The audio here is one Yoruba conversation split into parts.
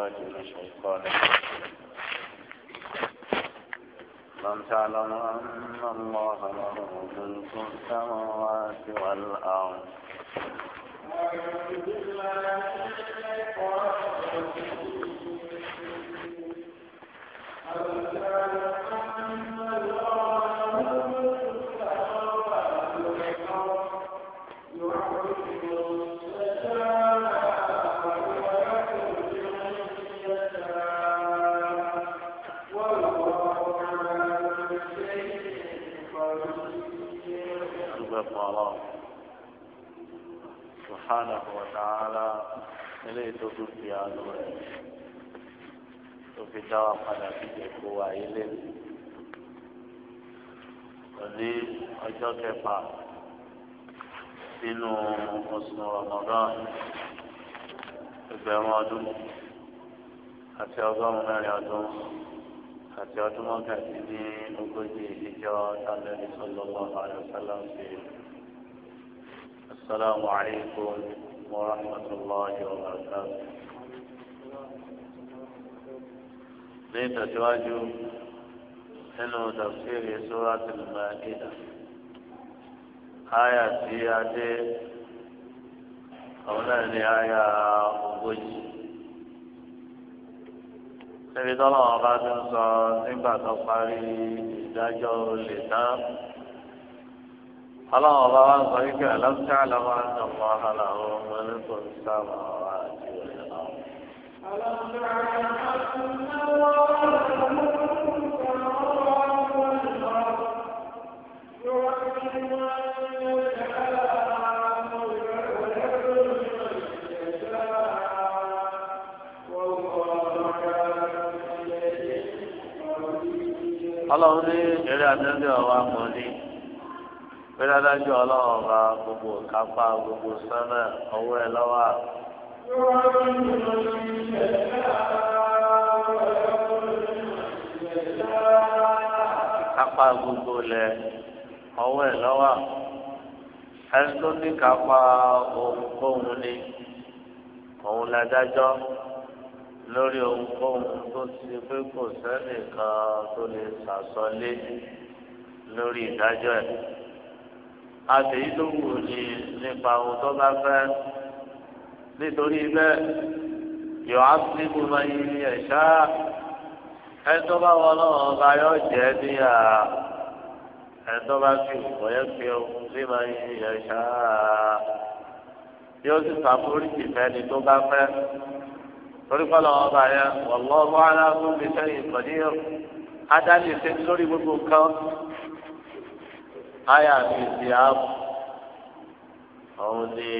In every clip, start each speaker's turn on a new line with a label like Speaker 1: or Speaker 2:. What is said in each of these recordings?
Speaker 1: بالله من الشيطان لم تعلم أن الله له ملك السماوات والأرض
Speaker 2: Thank you.
Speaker 1: سبحانه وتعالى إليه تطفي آلوه تطفي جواب على فيك هو إليه ودي أجوك فا سنو حسن رمضان ẹgbẹ̀rún ọdún àti ọgọ́rùn-ún mẹ́rin ọdún àti ọdún mọ́kàndínlógójì ìjọ tàbí ẹni sọ́lọ́lọ́ àlùfáà láti.
Speaker 3: السلام عليكم ورحمة الله وبركاته
Speaker 2: ليت تواجه حلو تفسير سورة المائدة
Speaker 1: آية سيادة أولا لآية وجه سيدنا الله بعد نصر نبات القريب ìdájọ́ lè ọlọ́run ọba wa ń sọ wípé àlọ́sẹ́ àlọ́wọ́ àti ọmọ ọ̀hánà àwọn ọmọ ẹlẹ́kọ̀ọ́ ń sábà wà àti ìwọ̀n náà.
Speaker 2: ọlọ́run ní eré àtẹ́ńdé ọ̀wá mọ̀ ní
Speaker 1: pé dájú ọlọ́run ọba gbogbo kápá gbogbo sánà ọwọ́ ẹ lọ́wọ́. kápá gbogbo lẹ ọwọ́ ẹ lọ́wọ́ ẹni tó ní kápá ohunkóhun ni òun ládájọ́ lórí ohunkóhun tó ti pé kò sẹ́nìkan tó lè sàsọlé lórí ìdájọ́ ẹ̀ àtẹ̀yí tó wù ní nípa ohun tó bá fẹ́ nítorí bẹ́ẹ̀ yọ áfíríkù máa yí ní ẹ̀ṣá ẹ̀tọ́ bá wọn náà bá yọ jẹ́ ní à ẹ̀tọ́ bá fi òkòyẹ́ fi ohun tí máa yí ní ẹ̀ṣá yóò sì fàbóríkì fẹ́ni tó bá fẹ́ torí kọ́lọ̀ wọn bá yẹ wọ́n lọ́ọ́ aláàbò mi sẹ́yìn pẹ̀lú adáni ṣe lórí gbogbo nǹkan
Speaker 2: àyà mi ti àbù
Speaker 1: òun ni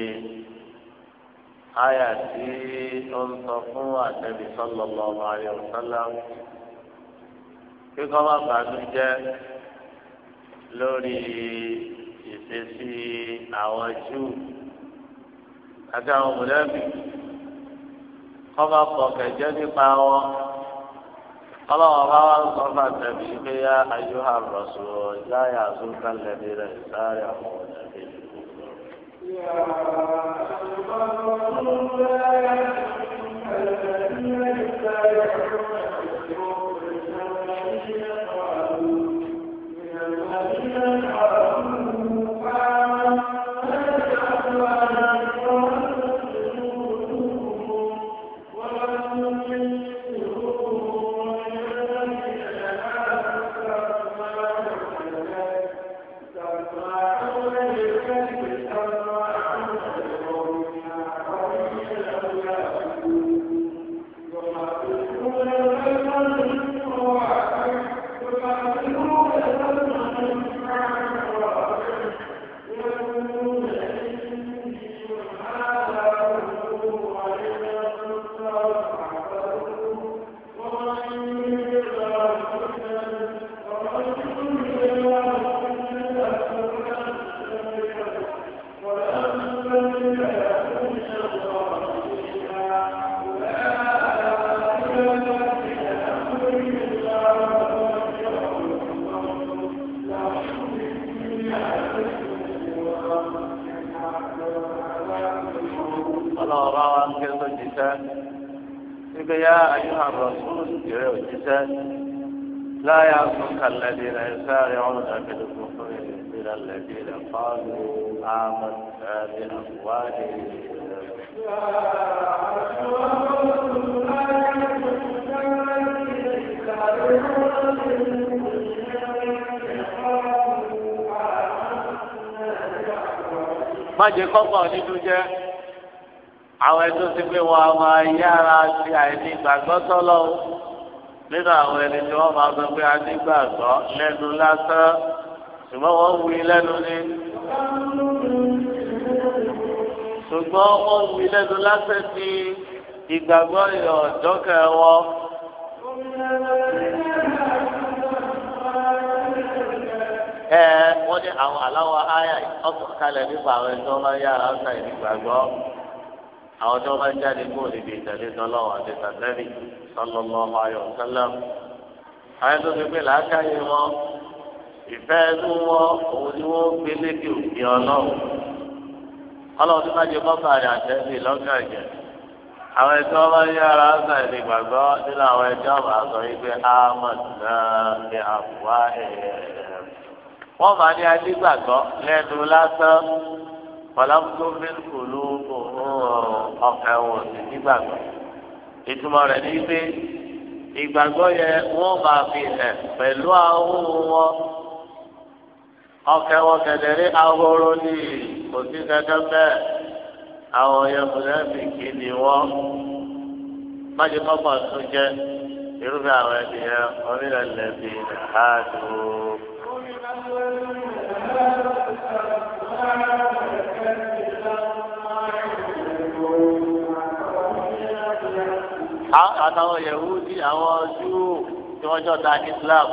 Speaker 1: àyà tí ó ń sọ fún àtẹ̀bí sallallahu alaihi wasallam kíkọ́ má bàánú jẹ́ lórí ìṣesí àwọn júù àti àwọn mùlẹ́bí kọ́ má pọ̀ kẹ̀jẹ́ nípa wọn ọlọ́wọ́ bá wà ń sọ fún àtẹ̀bí pé yá ayé hà rọ̀ṣù ọjà yà sún kálẹ̀ bí rẹ̀ sáré àwọn
Speaker 2: ọ̀dà jẹ kọ́kọ́ nínú jẹ́
Speaker 1: àwọn ẹni tó ti pé wọn máa yára sí àìní ìgbàgbọ́ sọ́lọ́ nínú àwọn ẹni tí wọ́n máa sọ pé anígbàgbọ́ lẹ́nu lásán ṣùgbọ́n wọ́n wí lẹ́nu ní. ṣùgbọ́n wọ́n wí lẹ́nu lásán sí ìgbàgbọ́ ìyọ̀dọ́kẹ́ wọn. ẹ wọ́n ní àwọn aláwọ̀ áyà ọ̀sán kalẹ̀ nípa àwọn ẹni tó máa yára ọ̀sà ìdìgbàgbọ́ àwọn tó máa jáde kó níbi ìtẹ̀lé sọlọ́wọ́ àti àwọn ẹni tó ti ìfẹ́ wọn òun ni wọ́n gbé lékè òkè ọlọ́run ọlọ́run jẹ rẹ̀ àwọn wọ́n máa ní adígbàgbọ́ lẹ́nu lásán kọ̀lámùtò mílíkù ló ọkàn wọn sì nígbàgbọ́. ìtumọ̀ rẹ̀ ní pé ìgbàgbọ́ yẹn wọ́n máa fi hàn pẹ̀lú ahọ́n wọn ọkàn wọn kẹ̀dẹ̀rẹ́ ahoro ní kò sí dandan àwọn yẹn kò lẹ́bi kí ni wọ́n májèmọ́pọ̀ tún jẹ́ irúfẹ́ àwọn ẹ̀dìyẹ onílẹ̀ lẹ́bi àádùn àtàwọn yahudi àwọn júù tí wọ́n jọ ta islam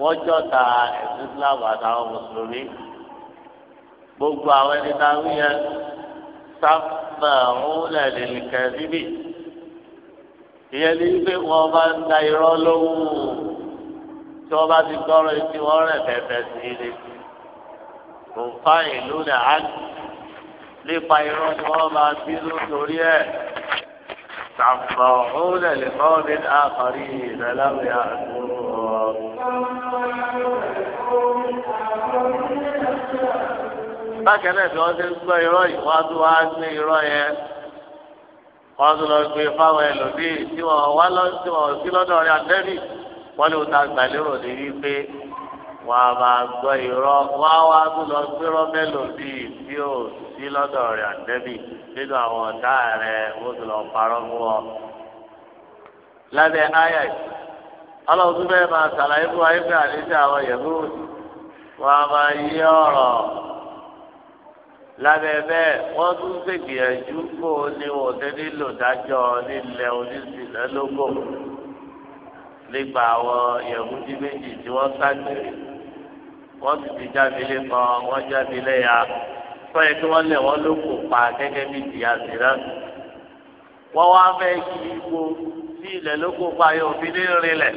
Speaker 1: wọ́n jọ ta islam àtàwọn mùsùlùmí gbogbo àwọn ẹni tá a wí yẹn sábà òun lẹ́lẹ̀ nìkan síbi ìyẹn ní pé wọ́n bá ń da irọ́ lówó tí wọ́n bá ti gbọ́rọ̀ etí wọ́n rẹ̀ fẹ́fẹ́ sí i lé kò fa ìlú nà á lépa irọ́ ni wọ́n máa bí lórí ẹ̀ sàmùbọ̀ òun lè lè mọ́ mi ní àkọ́rí ìrẹ́láwé àdúró. bákan náà bí wọ́n ti ń gbọ́ irọ́ yìí wọ́n tún wá gbé irọ́ yẹn wọ́n tún lọ gbé fáwọn ẹlòmíì tí wọ́n wá lọ sí lọ́dọ̀ rẹ̀ àtẹ́bí wọ́n ní wọ́n gbàlérò ní wípé wọ́n á máa gbọ́ irọ́ wọ́n á wá tún lọ gbérọ́ mélòdì tí ò sí lọ́dọ̀ rẹ̀ àtẹ́bì nínú àwọn ọ̀tá rẹ̀ wọ́n tún lọ parọ́ fún ọ. lábẹ́ ayé ọlọ́run tún bẹ́ẹ̀ máa ṣàlàyé fún wa ẹgbẹ́ àdéhùn àwọn yẹ̀hú wọ́n á máa yí ọ̀rọ̀ lábẹ́ bẹ́ẹ̀ wọ́n tún ṣègbìyànjú kó o ní wọ́n tẹ́ nílò dájọ́ nílẹ̀ oníṣìlélógún nípa àwọn yẹ̀wùdí méjì tí wọ́n ságbèrè wọ́n sì ti jáde lẹ́kọ̀ọ́ wọ́n jáde lẹ́yà fẹ́ẹ́ kí wọ́n lẹ̀ wọ́n ló kò pa gẹ́gẹ́ bí ti àzìrá. wọ́n wá fẹ́ kí ipò tí ilẹ̀ ló kò pa yóò fi ní rinlẹ̀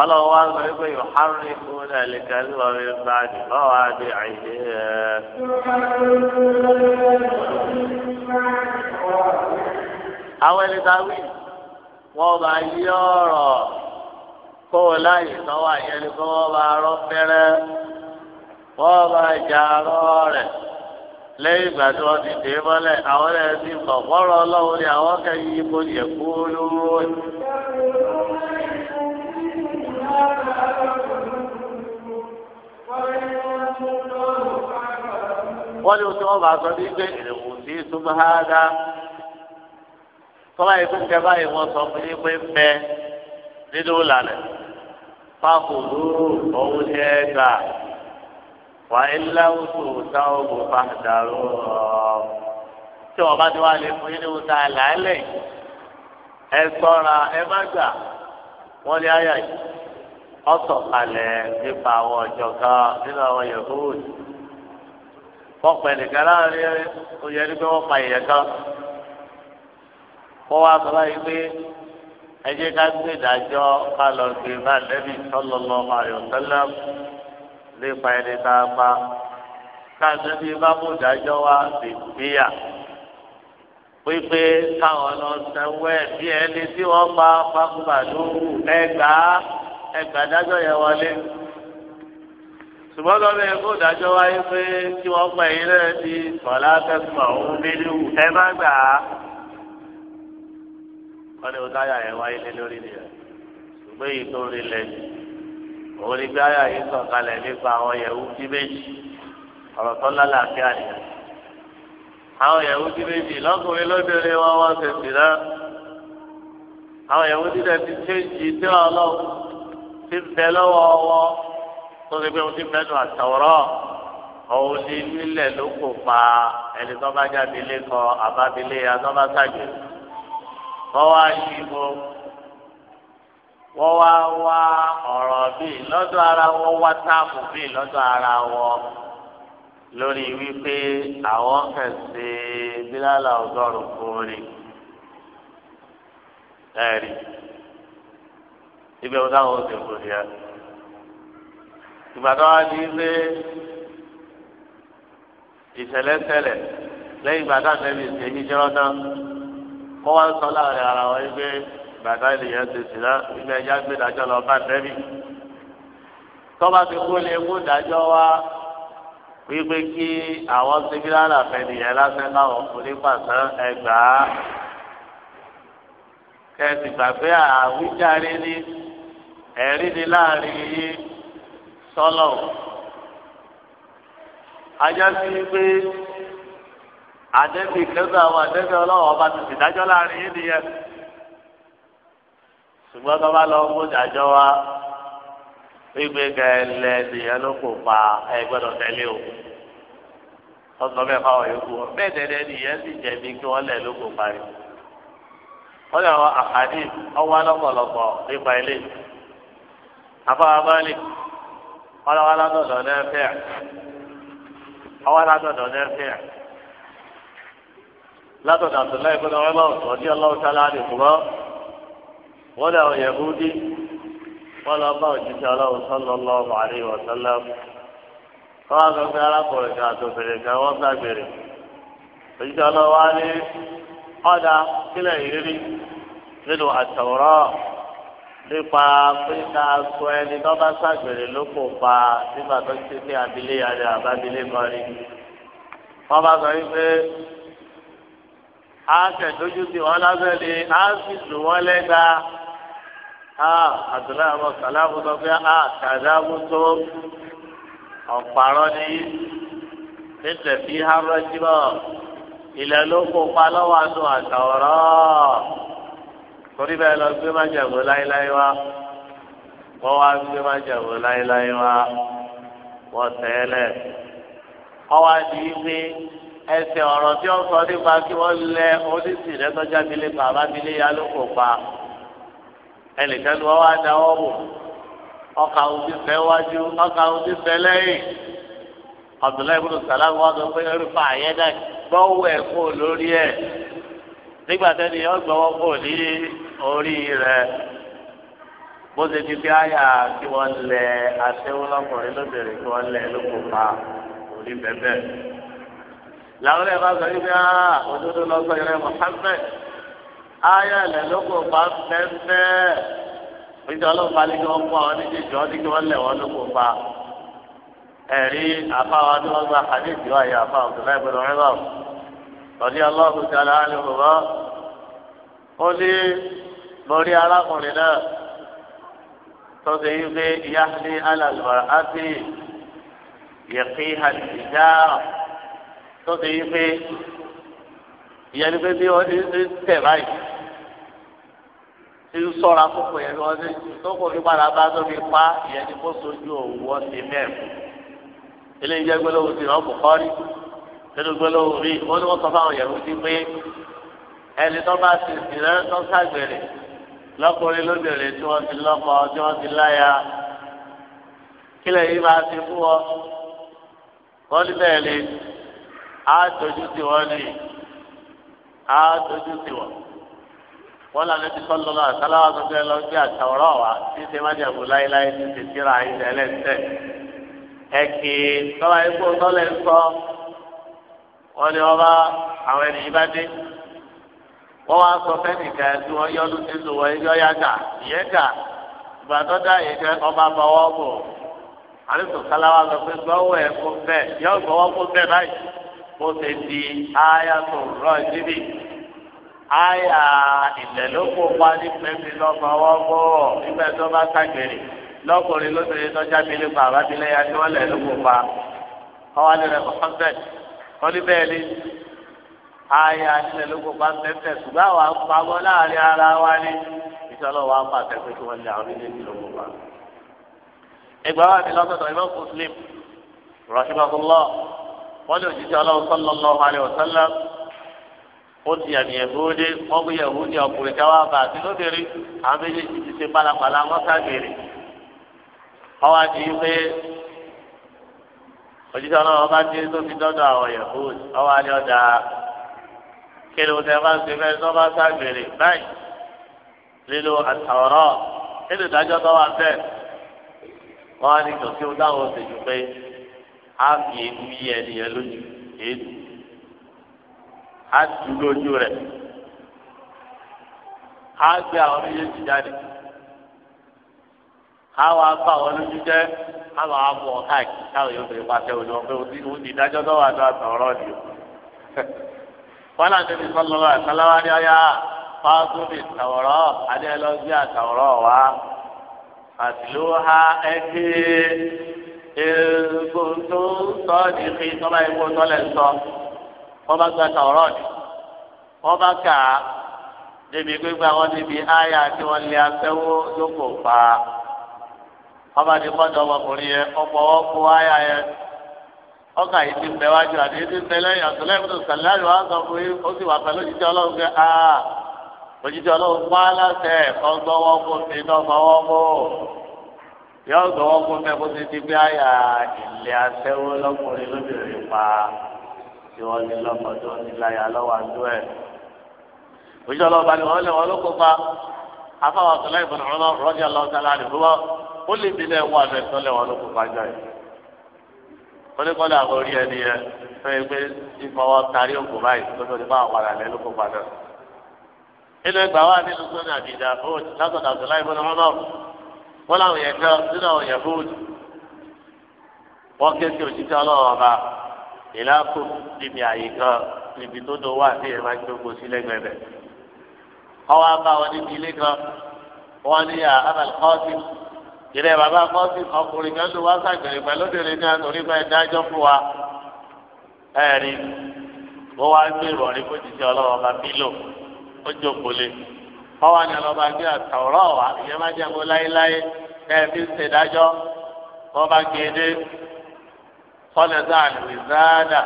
Speaker 1: ọlọ́wọ́ wá sọ pé yóò hárùn náà lè ká ló wà wípé bá a dì bá wà á
Speaker 2: àwọn ẹni tá a wí
Speaker 1: wọ́n bá yí ọ̀rọ̀. kọ́wọ́ láàyè sọ́wọ́ àyẹ̀lẹ́ kọ́wọ́ bá rọ́ fẹ́rẹ́ wọ́n bá jà rọ́ rẹ̀ lẹ́yìn ìgbà tí wọ́n ti dé mọ́lẹ̀ àwọn ẹ̀ ti bọ̀ fọ́rọ̀ ọlọ́run ni àwọn kẹ́yìn ibo yẹ kú
Speaker 2: lóró. wọ́n ní oṣù sọ pé
Speaker 1: èrèwò sí tọ́lá báyìí wọ́n sọ fún yín pé fakulu òun ni ẹ gbà wà iláwùsù táwọn fàdàrú ọ tí wọn bá ti wá lè fún yín ní wọn ta ẹ ṣọ́ra ẹ má gbà wọn lé àyà yìí ọsọ kalẹ̀ nípa àwọn ọjọ́ kan nínú àwọn yahood wọn pẹ nìkan láàrin oyè ẹni pé wọn pa ìyẹn kan wọn wá sọ báyìí pé ẹ jẹ́ ká gbé ìdájọ́ ká lọ gbé bá lẹ́bí sallallahu alaihi wasallam lépa ẹni tá a pa ká lẹ́bí bá mú ìdájọ́ wá sí gbéyà wípé káwọn lọ sanwó ẹ bí ẹni tí wọ́n pa fákúbàdó ẹgbàá ẹgbàá dájọ́ yẹn wọlé ṣùgbọ́n lọ́wọ́ ẹ kó dájọ́ wáyé pé tí wọ́n pa ẹ̀yin náà di sọ̀lá tẹ̀sán òun nílùú ẹ má gbà á wọ́n ní ọ̀tá àyà yẹn wáyé lé lórí nìyẹn ṣùgbọ́n èyí tó rí lẹ́yìn òun ni bí àyà yìí sọ̀kalẹ̀ nípa àwọn yẹ̀wù bí méjì ọ̀rọ̀ tó lálàáfíà nìyẹn àwọn yẹ̀wù bí méjì lọ́kùnrin lóbìnrin wọn wọ́n ṣe sì náà àwọn yẹ̀wù tí tẹ̀ ti ṣéǹjì tí ọlọ́run ti bẹ lọ́wọ́ wọn tó ṣe pé wọ́n ti mẹ́nu àtọ̀rọ̀ òun ni nílẹ̀ ló kò pa ẹni tó bá jáde lé kọ àbábilé àtọ́básájò wọ́n wá yíbo wọ́n wá wá ọ̀rọ̀ bíi lọ́dọ̀ ara wọn wá táàmù bíi lọ́dọ̀ ara wọn lórí wípé àwọn kẹsì bílálà ọgọ́rùn kúrin ẹ̀rí ibẹ̀ wọn táwọn oṣù kò ní ẹ ìgbà tó wá di pé ìṣẹ̀lẹ̀ ṣẹlẹ̀ lẹ́yìn ìgbà tó àtẹ̀lé ìṣèjì jẹ́rọ́ tán wọ́n wá ń sọ láàrin ara wọn yìí pé bàtà ènìyàn ti sì náà ilé ẹja gbé dájọ́ lọ bá tẹ́lẹ̀ tọ́ba ti kó lè mú dájọ́ wá wípé kí àwọn síbílà àlàfẹ́ nìyẹn lásán káwọn fúnni pàṣán ẹgbàá kẹsì gbàgbé àwíjàre ní ẹ̀rí ni láàrin yìí sọ́lọ̀ ajá sí wípé. àdẹ́bí kẹ́gbẹ́ àwọn àdẹ́bí ọlọ́wọ́ ọba ti ṣèdájọ́ láàrin yìí nìyẹn ṣùgbọ́n tó bá lọ wa nìyẹn ló kò pa ẹgbẹ́dọ̀ tẹ́lẹ̀ o bẹ́ẹ̀ fáwọn yòókù wọn bẹ́ẹ̀ nìyẹn sì jẹ̀bi kí wọ́n lẹ̀ ló kò parí wọ́n lè wọ àkàdé ọwọ́ lọ́pọ̀lọpọ̀ nípa ilé látọ̀dọ̀ Abdullahi ibn Umar ọ̀dí ọlọ́ọ̀tà láàrin kùmọ́ wọ́n lé àwọn Yahudi wọ́n lọ bá òjíṣẹ́ ọlọ́run sallallahu alaihi wa sallam wọ́n á sọ pé arákùnrin kan àtòbìnrin kan wọ́n gbàgbèrè òjíṣẹ́ ọlọ́run wá ní ọ̀dà kílẹ̀ ìrírí nínú àtọ̀rọ̀ nípa pé ká sọ ẹni tó bá ṣàgbèrè ló kò nígbà tó ti ní abilé akẹ́dójú sí wọn lábẹ́lẹ́ á sì lù wọ́n lẹ́gba àdúrà wọn kàlámù sọ pé àkàdámù tó ọ̀pàrọ̀ ni tẹ̀sẹ̀ fi hárọ̀ jíbọ̀ ilẹ̀ ló kópa lọ́wọ́ àti àtàwọ̀rọ̀ torí bẹ́ẹ̀ lọ gbé májàmú láéláé wá wọ́n wá gbé májàmú láéláé wá wọ́n tẹ́lẹ̀ wọ́n wá di wí ẹsẹ̀ ọ̀rọ̀ tí wọ́n sọ nípa kí wọ́n lẹ onísìn lẹ́tọ́já mi lé bàbá mi lé ya ló kò pa ẹnìkan ni wọ́n wá dáwọ́ wò ọkà òbí fẹ́ wájú ọkà òbí fẹ́ lẹ́yìn Abdullahi ibùdó sàlámù wà lọ pé ẹrùfà yẹn náà gbọ́wọ́ ẹ̀ kó lórí ẹ̀ nígbà tẹ́lẹ̀ yọ gbọ́wọ́ kó ní orí rẹ̀ bó ṣe ti fi àyà kí wọ́n lẹ aṣẹ́wó lọ́kùnrin lóbìnrin kí wọ́n lẹ lóko pa òní bẹ́ẹ̀ làwọn ẹ̀ bá sọ yìí pé ah òdodo lọ sọ yẹrẹ Muhammad ayé ẹ̀ lóko bá fẹ́fẹ́ ìjọ ọlọ́pàá ní kí wọ́n kó àwọn oníjèjì wọn ní kí wọ́n lẹ̀ wọ́n lóko pa ẹ̀rí àfáwọn tí wọ́n gba àdéjì wáyé àfáwọn tó láì gbọdọ̀ rẹ́wà lọ́dí ọlọ́ọ̀kú ti ara ní òwúrọ̀ ó ní lórí arákùnrin náà tó ṣe yí pé ìyá ní alàlùbọ̀rọ̀ á tó ti yí pé ìyẹn ni pé bí wọ́n ti ń tẹ̀ báyìí ti ń sọ̀rọ̀ akókò yẹn wọ́n ti tó kò fi padà bá tó fi pa ìyẹn ni kó sojú òwú wọ́n ti mẹ́ẹ̀kú eléyìí jẹ́ gbólóhùn ti rán bùkọ́rí nínú gbólóhùn rí wọ́n ní wọ́n sọ fáwọn yẹ̀wò sí pé ẹni tó bá ti sì rẹ́ tó ṣàgbèrè lọ́kùnrin lóbìnrin tí wọ́n ti lọ́kọ tí wọ́n ti láya kílẹ̀ yìí máa ti fún ọ wọ́n ní bẹ́ẹ̀ ni á dojú sí wọn ní á dojú sí wọn wọn lànà ti sọlọ lọ àtàláwà tó fẹ́ lọ gbé àtàwọrọ wa tí ṣe má jẹ kó láéláé ti ṣe síra ilẹ̀ ẹlẹ́sẹ̀ ẹ̀kì tọ́lá ikú tọ́lẹ̀ ń sọ wọn ni wọn bá àwọn ènìyàn bá dé wọ́n wá sọ fẹ́nìkan tí wọ́n yọ́nu nínú wọn ẹjọ́ yá gà ìyẹn gà ìgbà tó dá yẹn kẹ́ ọba bọ̀wọ́ bò àlùkò káláwa pé gbọ́wọ́ ẹ̀ fún bẹ́ẹ̀ yọ gbọ́wọ́ fún bẹ́ẹ̀ báyìí bó ṣe di aya tó rọ ìdíbì aya ìlẹ̀lókò parí pẹ̀lú lọ́mọ wọn bọ̀ nígbà tó bá ṣàgbèrè lọ́kùnrin lóbìnrin tọ́já mi nípa àbábílẹ̀ ya tí wọ́n lẹ̀ lókò pa ọwọ́ alẹ́ rẹ̀ mohammed olùbẹ́ẹ̀lì aya ìlẹ̀lókò pa pẹ̀pẹ̀ ṣùgbọ́n àwọn àpamọ́ láàrin ara wa ni ìṣọ́lọ́ wa pàṣẹ pé kí wọ́n lé àwọn ilé ìlókò pa. ẹgbàá wa mi lọ́sọ̀tọ̀ ìmọ̀ muslim rahimahullah wọ́n lè òjijì ọlọ́run sallallahu alaihi wasallam ó ti yàn yẹ̀húdí wọ́n bí yẹ̀húdí ọkùnrin káwá bá àti lóbìnrin àwọn méjèèjì ti ṣe pálapàla wọ́n ságbèrè wọ́n wá di pé òjijì ọlọ́run bá dé tó fi dọ́dọ̀ àwọn yẹ̀húdí wọ́n wá ní ọjà kele o tẹ bá se fẹ sọ bá sá báyìí lílo àtàwọrọ kele dájọ tó wà bẹ́ẹ̀ wọn á ní ha fi èédú yí ẹnìyẹn lójú èédú á tu lójú gbé àwọn méjèèjì jáde á wá bá àwọn lójú jẹ́ á máa bọ̀ káàkiri yóò fi pàṣẹ òní wọn pé òun ní o. wọn náà tàwọ̀rọ̀ adé àtàwọ̀rọ̀ wa àtìlóhà ẹ̀kẹ́. ègbòǹtò sọ ní kí tọ́lá ìwọ tọ́lẹ̀ sọ ọba bá gba tọ̀rọ̀ ni wọ́n bá kà wọn níbi áyà lé afẹ́wó lóko pa wọ́n bá ní ọmọkùnrin yẹn ọ̀pọ̀ wọn kó ọkà yìí ti bẹ̀ wájú àti yìí ti bẹ̀ yọ gbọ́wọ́ kó fẹ́ kó ti di bí àyà ilé aṣẹ́wó lọ́kùnrin lóbìnrin pa tí wọ́n ní lọ́kọ̀ tó ní láyà lọ́wọ́ àdó ẹ̀. òjò ọlọ́ba ni wọ́n lé wọn ló kópa afáwọn ọ̀sọ̀lá ìbọn ọ̀rọ̀ rọ́jà lọ́ọ̀tà láàrin fún wọn ó lè bí lẹ́ẹ̀ wọ́n àfẹ́ tó lé wọn ló kópa jọ ẹ̀. ó ní kọ́lá àwọn orí ẹni yẹn fẹ́ pé ìfọwọ́ tarí ògùn báyìí tó tó ní bá àwọn padà ló kópa náà. inú ẹgbàá wà nínú sọ́nà àbíjà wọn làwọn yẹn kan nínú àwọn yẹn fún wọn ké sí òṣìṣẹ́ ọlọ́run ọba ìlàkù níbi àyè kan níbi tó do wà sí ìrìnàjò gbogbo sí lẹ́gbẹ̀ẹ́ bẹ̀. ọwọ́ abá wọn níbi ilé kan wọn ní abal kọ́ọ̀sì ìrẹ́ bàbá kọ́ọ̀sì ọkùnrin kan ló wá sàgbèrè pẹ̀lú òdèrè náà torí pé dájọ́ fún wa ẹ̀rí wọ́n wá gbé ìrọ̀rí kó ti ṣe ọba bílò ó jókòó lé ọwọ́ ni ọlọ́ba gbé àtàwọ̀rọ̀ wa ìyẹn má jẹ́ kó láéláé ẹ̀ẹ́dì ṣèdájọ́ wọ́n bá gédé e kọ́lẹ́sà àlùwìsáàdà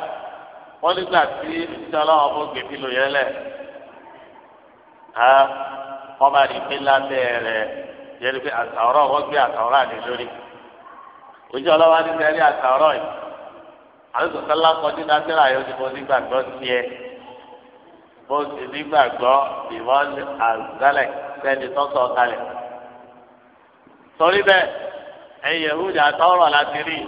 Speaker 1: wọ́n nígbà tí ìṣọ́lá ọmọ gbèbí lò yẹn lẹ̀ wọ́n bá rí pé lábẹ́ rẹ̀ yẹn ni pé àtàwọ̀rọ̀ wọ́n gbé àtàwọ̀rọ̀ àlè lórí ojú ọlọ́wà ní sẹ́rí àtàwọ̀rọ̀ yìí àlùsọ̀tàn lákọ̀ọ́dún náà sẹ́ra yóò ti bọ́ nígbàgbọ́ tiẹ̀ bó ti nígbàgbọ́ ìwọ́n àzálẹ̀ sẹ́ni tó sọ kalẹ̀. torí bẹ́ẹ̀ ẹ yẹ̀húdà tọrọ láti rí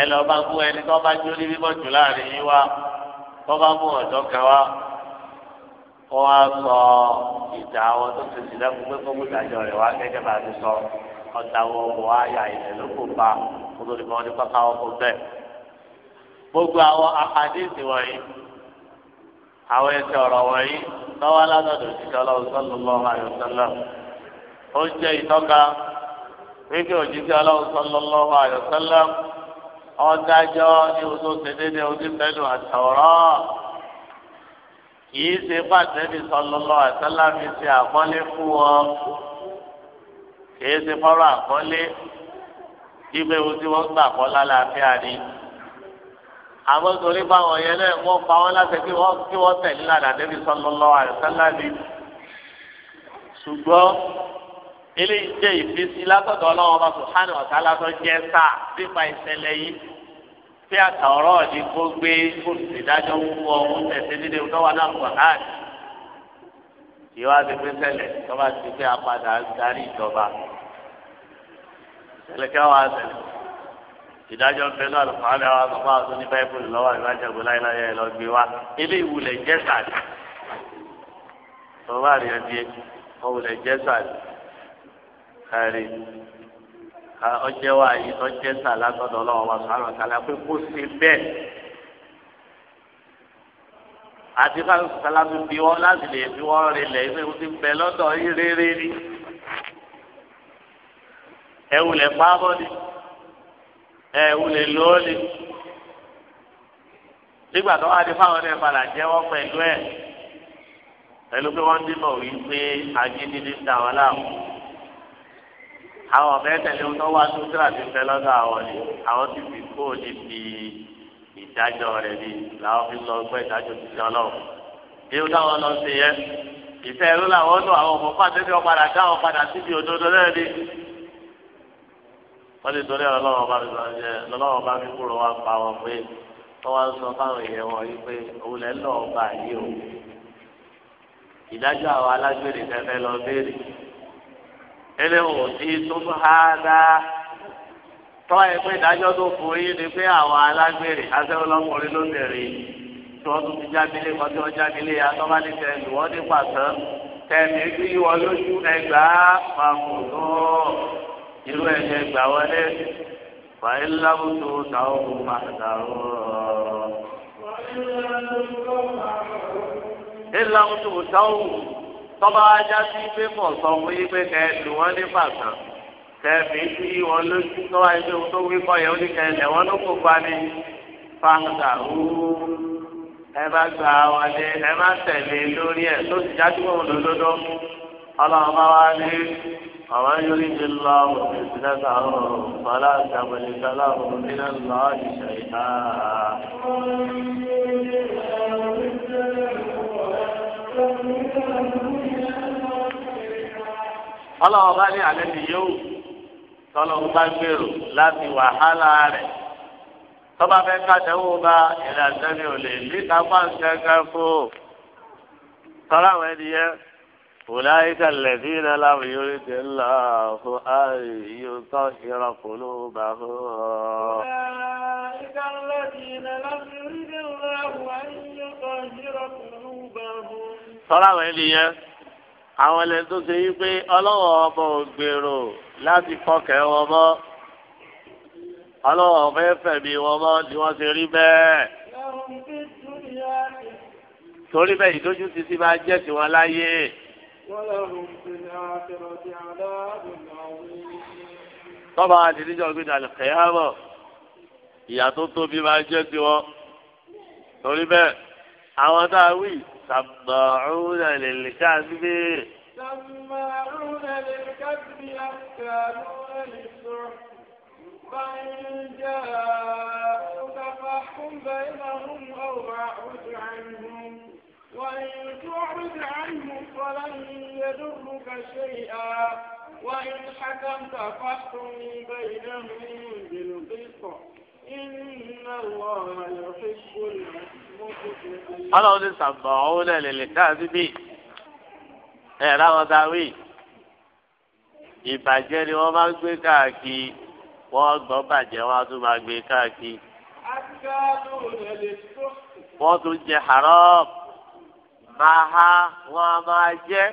Speaker 1: ẹ lọ bá mú ẹni tó bá jó ní bíbọ̀ jù láàrin yín wá tó bá mú ọ̀dọ́ kan wá kó wá sọ ìjà àwọn tó ti sì lẹ́kùn pé kó mú ìdájọ́ rẹ̀ wá gẹ́gẹ́ bá ti sọ ọ̀tà wọn wò á yà ilẹ̀ ló kò bá kó tó di kọ́ ní pápá ọkọ̀ bẹ́ẹ̀. gbogbo àwọn àkàdé ìsìn wọ̀nyí àwọn ẹsẹ̀ ọ̀rọ̀ wọ̀nyí lọ́wọ́ aládọ́dọ̀ òṣìṣẹ́ ọlọ́run sallallahu alaihi wasallam ó jẹ́ ìtọ́ka wípé òṣìṣẹ́ ọlọ́run sallallahu alaihi wasallam ọ̀dájọ́ ní oṣù tẹ̀lé onífẹ́lú àtọ̀rọ̀ kìí ṣe pàtẹ́bí sallallahu alaihi wasallam fi ṣe àkọ́lé fún wọn kìí ṣe fọ́rọ̀ àkọ́lé bí pé oṣù wọn gbà kọ́ lálàáfíà ni àwọn torí báwọn yẹn náà wọ́n pa wọ́n láti kí wọ́n kí wọ́n tẹ̀lé ládàá débi sallallahu alaihi wasallam ṣùgbọ́n eléyìí jẹ́ ìfisí látọ̀dọ̀ ọlọ́run ọba subhanahu wa ta'ala tó jẹ́ sá nípa ìṣẹ̀lẹ̀ yìí tí àtà ọ̀rọ̀ ọ̀dí kó gbé olùsèdájọ́ wúwo ọ̀hún tẹ̀sí nílé ọ̀dọ́wà náà wà láàyè ìwà ti fi ṣẹlẹ̀ tọ́ba ti fi ìdájọ́ ń bẹ náà lọ́kọ́ alẹ́ wa bàbá àtún ní báyìí lọ́wọ́ ìbájá ìbò láyéláyé ẹ̀ lọ gbé wa ilé ìwúlẹ̀ jẹ́ sàdé bàbá rẹ̀ di ìwúlẹ̀ jẹ́ sàdé ẹ̀rí ọjẹ́ wa yìí ọjẹ́ sàdé látọ̀dọ̀ ọlọ́wọ́ wa sọ̀rọ̀ àkàlẹ́ pé kó ṣe bẹ́ẹ̀ àti ká sálábì bí wọn láti lè fi wọn rinlẹ̀ ìfẹ́ kó ti bẹ lọ́dọ̀ yìí rere ni ẹ̀wù ni ẹ wulẹ̀ lóòlì nígbà tó wá di fáwọn ẹ̀ padà jẹ́wọ́ pẹ̀lú ẹ̀ pẹ̀lú pé wọ́n dìbò wí pé ajínigbé ń da wọn láàmú àwọn ọ̀bẹ tẹ̀lé wọn tó wá tó tíra ti fẹ́ lọ́dọ̀ àwọn ni àwọn ti fi kó o ní fi ìdájọ́ rẹ̀ ni làwọn fi lọ gbọ́ ìdájọ́ ti jọ lọ́wọ́ bí wọ́n táwọn lọ sí yẹn ìfẹ́ ẹ̀rú làwọn lò àwọn ọmọ fún àtẹ́tẹ́ wọn dá wọn síbi òdodo náà ni wọ́n ti torí ọlọ́wọ́ bá mi lọ jẹ lọ́wọ́ bá mi kúrò wá pa wọn pé wọ́n wá ń sọ fáwọn èèyàn wọn yìí pé òun lẹ́ lọ́ọ́ bá yìí o ìdájọ́ àwọn alágbèrè fẹ́fẹ́ lọ béèrè eléwò tí tóbi ha dá tọ́ ẹ pé ìdájọ́ tó fún yín ni pé àwọn alágbèrè aṣẹ́wọ́n lọ́kùnrin ló tẹ̀lé tí wọ́n tún ti jábílé kan tí wọ́n jábílé atọ́ba ní tẹ̀lé wọ́n ní pàtó tẹ̀lé bí wọ́n lójú ẹgbàá pàkó tó irú ẹ̀yẹ gbà wọlé wàá lábùtò táwọn kò máa dàrú rọ. ìlàwùtò táwọn tọ́ba ajá sí pé mọ̀ sọ fún yín pé kẹ́ ẹ lù wọ́n ní bàtàn kẹ́ ẹ fi sí wọn lójú tó wáyé pé tó wí kọ́ yẹn ó ní kẹ́ ẹ lẹ̀wọ́n ló kó pa ní fáńgà rúrú ẹ bá gbà wọlé ẹ má tẹ̀lé lórí ẹ̀ tó ti jáde wọn lódodo ọlọ́run bá wá ní ọ̀rọ̀ yóò ní lọ òfin sílẹ̀ sàrò fọlá ìjàmbọ̀lẹ̀ sọlá òfin sílẹ̀ lọ ìṣẹ̀ ìta. ọlọ́run bá ní alẹ́ ti yóò tọ́lọ́run bá gbèrò láti wàhálà rẹ̀ tọ́ba fẹ́ kájẹ́wò bá ìrìnàjò mi ò lè ní kápá ń ṣẹ́gẹ́ fún un tọ́lá àwọn ẹni yẹn. أولئك الذين لم يرد الله أن يطهر قلوبهم
Speaker 2: أولئك الذين لم يرد الله أن يطهر قلوبهم صلاة
Speaker 1: وإلية àwọn ẹlẹ́ni tó ṣe yí pé ọlọ́wọ́ ọmọ ògbèrò láti fọkẹ́ wọn mọ́ ọlọ́wọ́ ọmọ ẹ̀fẹ̀mí wọn mọ́ ni wọ́n ṣe rí bẹ́ẹ̀. torí bẹ́ẹ̀ ìdójú títí máa jẹ́ tiwọn láyé.
Speaker 2: ولهم في الآخرة عذاب عظيم
Speaker 1: طبعا àtìníjọ́ gbé dalẹ̀ kẹ́yàmọ̀ ìyà tó tóbi máa jẹ́ tiwọn torí bẹ́ẹ̀ àwọn tá a wí sàmàrún àlèlè káàdúgbé.
Speaker 2: sàmàrún àlèlè káàdúgbé àkàrún àlè sọ̀rọ̀ báyìí jẹ́ àwọn ọ̀gá fún bẹ́ẹ̀ náà ń bọ̀ wá ojú àìmọ́. وإن تعرض عنهم فلن يضرك شيئا وإن حكمت فاحكم بينهم بالقسط إن الله يحب المقسطين. قالوا
Speaker 1: لسبعون للكاذبين. ẹ láwọn dáwé ìbàjẹ́ ni wọ́n máa ń gbé káàkiri wọ́n gbọ́ bàjẹ́ wọ́n á tún máa gbé káàkiri. wọ́n tún jẹ haram bàhá wọn a máa jẹ́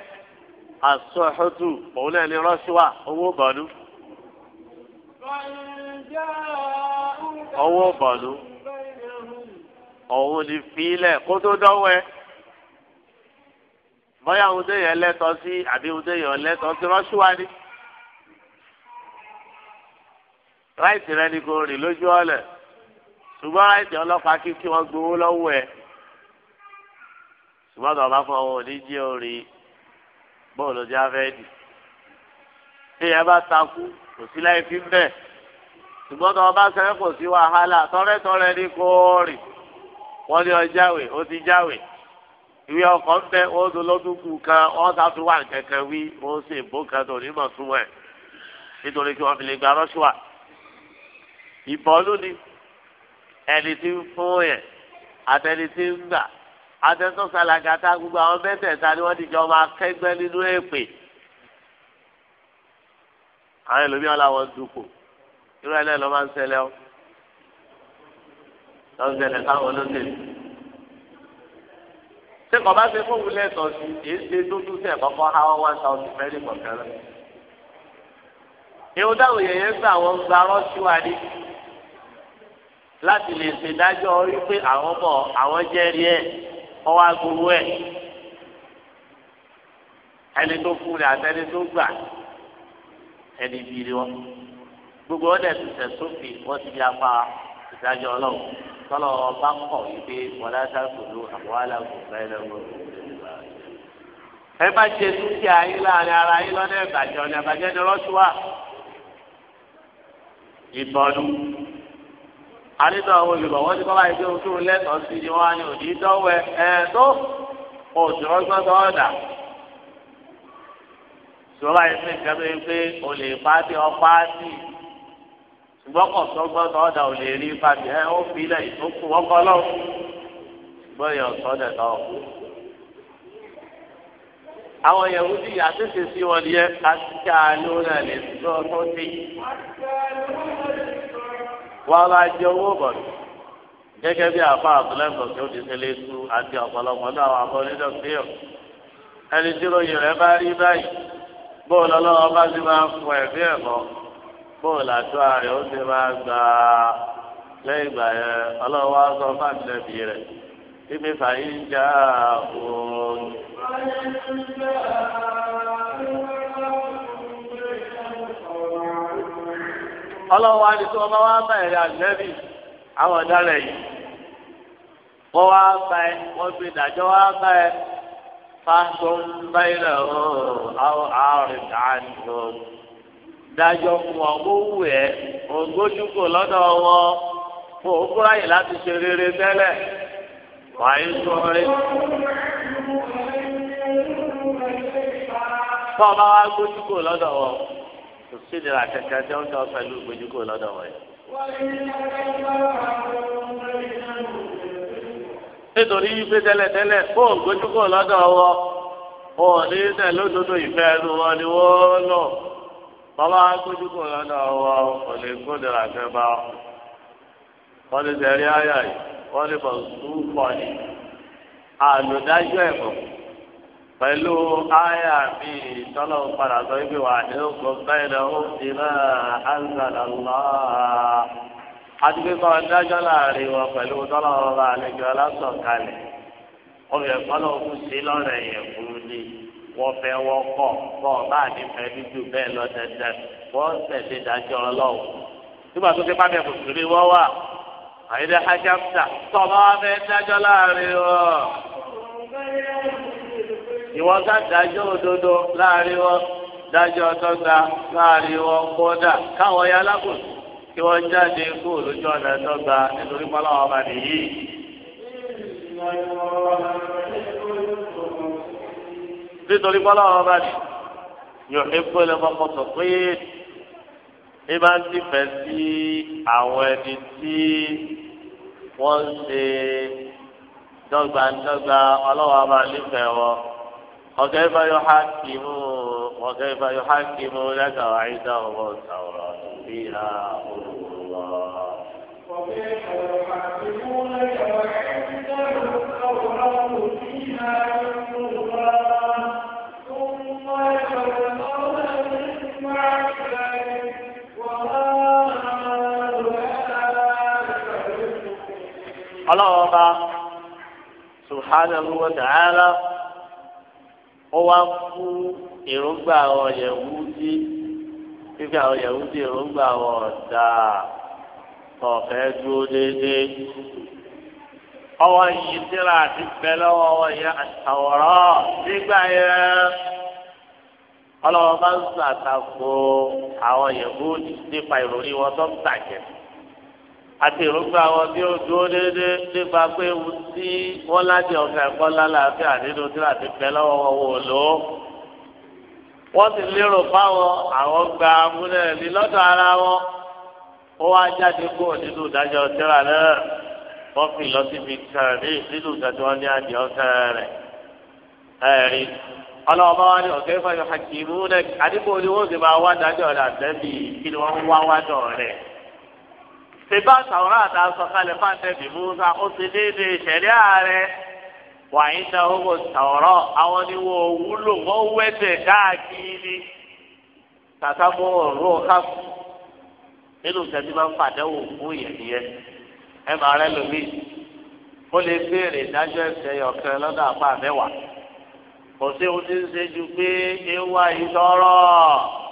Speaker 1: asọ́hótù òun náà ní rọ́ṣùwà owó bọ̀nú.
Speaker 2: owó bọ̀nú
Speaker 1: òun ní fílẹ̀ kó tó dánwó ẹ bóyá ohun téèyàn lẹ́tọ̀ọ́ sí àbí ohun téèyàn lẹ́tọ̀ọ́ sí rọ́ṣùwà ni. ráìtì rẹ ni kò rìn lójú ọ̀lẹ̀ ṣùgbọ́n ráìtì ọlọ́pàá kí kí wọ́n gbowó lọ́wọ́ ẹ̀ ṣùgbọ́n tó o bá fọwọ́ òní jí orí bọ́ọ̀lù ọjà fẹ́ẹ́dì tí ẹ bá takú kò sí láì fi ń bẹ̀ ṣùgbọ́n tó o bá sẹ́ kò sí wàhálà tọ́rẹ́tọ́rẹ́ ní kó rì wọ́n ní ọjàwé ó ti jáwé ìwé ọkọ̀ ń bẹ ó tó lọ́dún kù kan wọ́n ta tún wà kẹ̀kẹ́ wí ó sì bó kan tó ní mọ̀ ẹ̀ nítorí kí wọ́n fi lè gba rọ́ṣùà ìbọn lónìí ẹni tí ń fún yẹn àtẹni tí ń gbà àtẹ̀tọ́ sàlàgàtà gbogbo àwọn mẹ́tẹ̀ẹ̀ta ni wọ́n ti jọ máa kẹ́gbẹ́ nínú èpè àwọn ẹlòmíràn làwọn ń dupò irú ẹ̀ náà ló máa ń ṣẹlẹ̀ ọ́ lọ́n ṣẹlẹ̀ káwọn olóṣèlú ṣé kò bá ṣe fún wulẹ̀ tọ̀ sí èyí ṣe tó tún sẹ̀ kọ́kọ́ háwọ́ one thousand mẹ́rin kọ̀ọ̀kẹ́rẹ́ ìhun táwọn yẹ̀yẹ́ gbà wọ́n gba rọ́ṣù wa ní láti lè ṣèdájọ́ wípé àwọn bọ̀ àwọn jẹ́rìí ọwọ́ agbowó ẹ̀ ẹni tó fún rẹ̀ àtẹni tó gbà ẹni bí rí wọn gbogbo ọdẹ tẹsẹ̀ sófin wọ́n ti di apá ìdájọ́ ọlọ́run tọ́lọ̀ ọba kọ̀ wípé wọlé àtàkùnrin àwọn alágùn bẹ́ẹ̀ lọ́wọ́ ẹ bá ṣe dúkìá yín láàrin ara yín lọ́dẹ̀ ìbàjẹ́ ọ̀nà ìbàjẹ́ àlejò àwọn olùbọ̀ wọ́n ti kọ́ báyìí pé o tún lẹ́tọ̀ọ́ sí ni wọ́n á ní òní dọ́wọ́ ẹ tó oṣù ọgbọ́n tó ọ̀dà. ìṣòro àyè fún ìkẹ́ tó yẹ pé o lè pàtì ọ pàtì ṣùgbọ́n kò sọ́gbọ́n tó ọ̀dà ò lè rí pàtì ẹ ó fi ilẹ̀ ìtókù wọ́kọ́ lọ́wọ́ ṣùgbọ́n yẹn ọ̀sọ́ dẹ̀ tọ́ àwọn yẹ̀wò bí àtúnṣe sí wọn yẹ kásíkà lórí ẹ̀ lè tó tó dé. wọ́n bá jẹ owó bọ̀dù gẹ́gẹ́ bí àfa àbúlẹ́gbọ̀ tí ti tẹ́lẹ̀ tú àti ọ̀pọ̀lọpọ̀ náà àwọn akọ́nídọ̀ fíọ̀ ẹni tí ròyìn rẹ bá rí báyìí bóòlù ọlọ́wọ́ bá ti máa fọ ẹ̀mí ẹ̀ mọ́ bóòlù àtúwà rẹ̀ ó ti máa gbà á lẹ́yìn ìgbà yẹn ọlọ́wọ́ á sọ fáńdẹ́bì rẹ̀ fàyín já ọlọ́run wa ni tí wọ́n bá wá bá ẹ̀rẹ́ àgbẹ̀bí àwọn ọ̀daràn yìí wọ́n wá bá ẹ wọ́n gbé ìdájọ́ wá bá ẹ fáṣọ ń bá ilẹ̀ ọ̀hún àárín dàánù dájọ́ fún ọ kó wù ẹ́ ògbójúkò lọ́dọ̀ wọn fún òkúráyè láti ṣe rere tẹ́lẹ̀ wàá yín tọ́ ọ bá wá lọ́dọ̀ wọn. kò sí ìlera kẹ̀kẹ́ tí ó ń pẹ̀lú ìgbèjúkò lọ́dọ̀ wọ̀nyí. nítorí wípé tẹ́lẹ̀tẹ́lẹ̀ kó ìgbèjúkò lọ́dọ̀ wọ wọn ní tẹ̀ ìfẹ́ ẹnu wọn ni wọ́n lọ. bàbá ìgbèjúkò lọ́dọ̀ wọ kò lè kó ìlera kẹ́ bá wọn ní tẹ̀rí ayà yìí wọ́n ní bọ̀ sùúrù pọ̀ àlùdájọ́ ẹ̀kọ́. pẹ̀lú àyà mi tọ́lọ̀ padà sọ ibi wà ní ogun bẹ́ẹ̀ lọ ó ti máa àǹsàlà lọ́ àti pé kọ́ dájọ́ láàrin wọn pẹ̀lú tọ́lọ̀ ọba àlejò aláṣọ kalẹ̀ ọbẹ̀ kọ́lọ̀ kù sí lọ́rọ̀ ẹ̀yẹ̀ fún mi wọ́n fẹ́ wọ́n kọ̀ kọ́ bá nífẹ̀ẹ́ dídú bẹ́ẹ̀ lọ tẹ̀tẹ̀ wọ́n tẹ̀lé dájọ́ ọlọ́wọ́ nígbà tó ti bá bẹ̀ wọ́n wà àyẹ̀dẹ̀ hajj
Speaker 2: ìwọ ká dájọ́ òdodo
Speaker 1: láàrin wọn dájọ́ ọ̀tọ́gba láàrin wọn kódà káwọn ya lákòóso kí wọ́n jáde kó lójú ọ̀nà ẹ̀dọ́gba nítorí pọ́láwọ́ ọba nìyí. nítorí pọ́láwọ́ ọba nì yóò ní pẹ́lú ọmọkọ̀tọ̀ pé ẹ máa ń tìfẹ́ sí àwọn ẹni tí wọ́n ń ṣe dọ́gbandọ́gba ọlọ́wọ́ ọba nífẹ̀ẹ́ wọn. وكيف يحكمون وكيف يحكمونك وعندهم التوراة فيها
Speaker 2: قلوب الله وكيف يحكمونك وعندهم فيها الله
Speaker 1: سبحانه وتعالى ó wá mú èròǹgbà àwọn Yẹhudi fífi àwọn Yẹhudi èròǹgbà àwọn ọ̀dà tọ̀fẹ́ dúró déédéé ọwọ́ yìí síra àti bẹ́ẹ̀ lọ́wọ́ ọwọ́ yẹn àtàwọ̀rọ̀ nígbà yẹn ọlọ́wọ́ bá ń sọ àwọn Yẹhudi nípa ìròyìn wọn tó ń tàjẹ́ àti ìrúgbà wọn bí ó dúró déédéé nípa pé ewu tí wọ́n láti ọ̀fẹ́ ẹ̀kọ́ lálàáfíà nínú tí láti pẹ́ lọ́wọ́ wọn wò ló. wọ́n ti lérò fáwọn àwọn gba amúlẹ̀ ní lọ́dọ̀ ara wọn. ó wá jáde kúrò nínú ìdájọ́ tíra náà wọ́n fi lọ síbi kan ní nínú ìdájọ́ wọn ní àdì ọ̀sẹ̀ rẹ̀. ẹ̀rí ọlọ́ọ̀bá wa ní ọ̀kẹ́ fún ẹ̀yọ̀ hakimu náà àdìpọ̀ ni wọ́n ti máa wá dájọ́ rẹ̀ àtẹ́bí kí ni wọ́n wá wájọ́ rẹ̀ sèbá sàwòrán àti asọ̀kalẹ̀ fáńtẹ́bì musa ó ti déédé ìṣẹ̀lẹ̀ ààrẹ wàyí náà ó wò sàwòrán àwọn ni wọ́n wúlò wọ́n wẹ́tẹ̀ káàkiri tàtà mọ́ ọ̀rọ̀ káfù nínú ìṣẹ́jú máa ń pàdánwò fún ìyẹ̀díyẹ ẹ máa rẹ lómi ó lè béèrè ìdájọ́ ẹ̀sẹ̀ ọ̀kẹ́ lọ́dọ̀ àpá mẹ́wàá kò sí ohun tí ń ṣe ju pé ewa ìtọ́rọ̀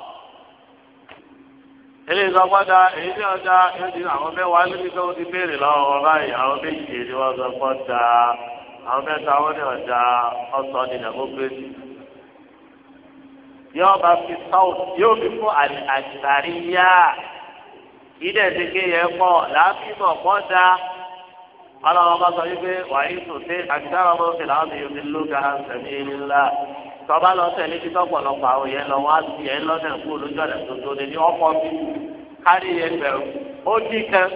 Speaker 1: eléyìí sọ pé da èyí tí wọn da yóò di àwọn mẹ́wàá níbi tó ti béèrè lọ́wọ́ wọn báyìí àwọn méjì ni wọn sọ pé da àwọn mẹ́ta wọn ni wọn da ọsọ ní democracy yóò bá fi sáwọ yóò fi fún àṣàrí yá ilé ẹ̀dẹ́gẹ́ yẹn pọ̀ láàbí mọ̀ pọ̀ da ọlọ́wọ́ bá sọ wípé wàá yìí tún sí àti dáhùn ọmọ òfin làwọn ti yóò fi lóga sẹ́mi ńlá tọba lọ tẹ̀lé tí tọpọlọpọ àwọn yẹn lọ wá sí ẹ lọdẹ kú lójú ọdẹ tuntun ní ní ọkọ bí kárí yẹn bẹ̀rù ó dín kan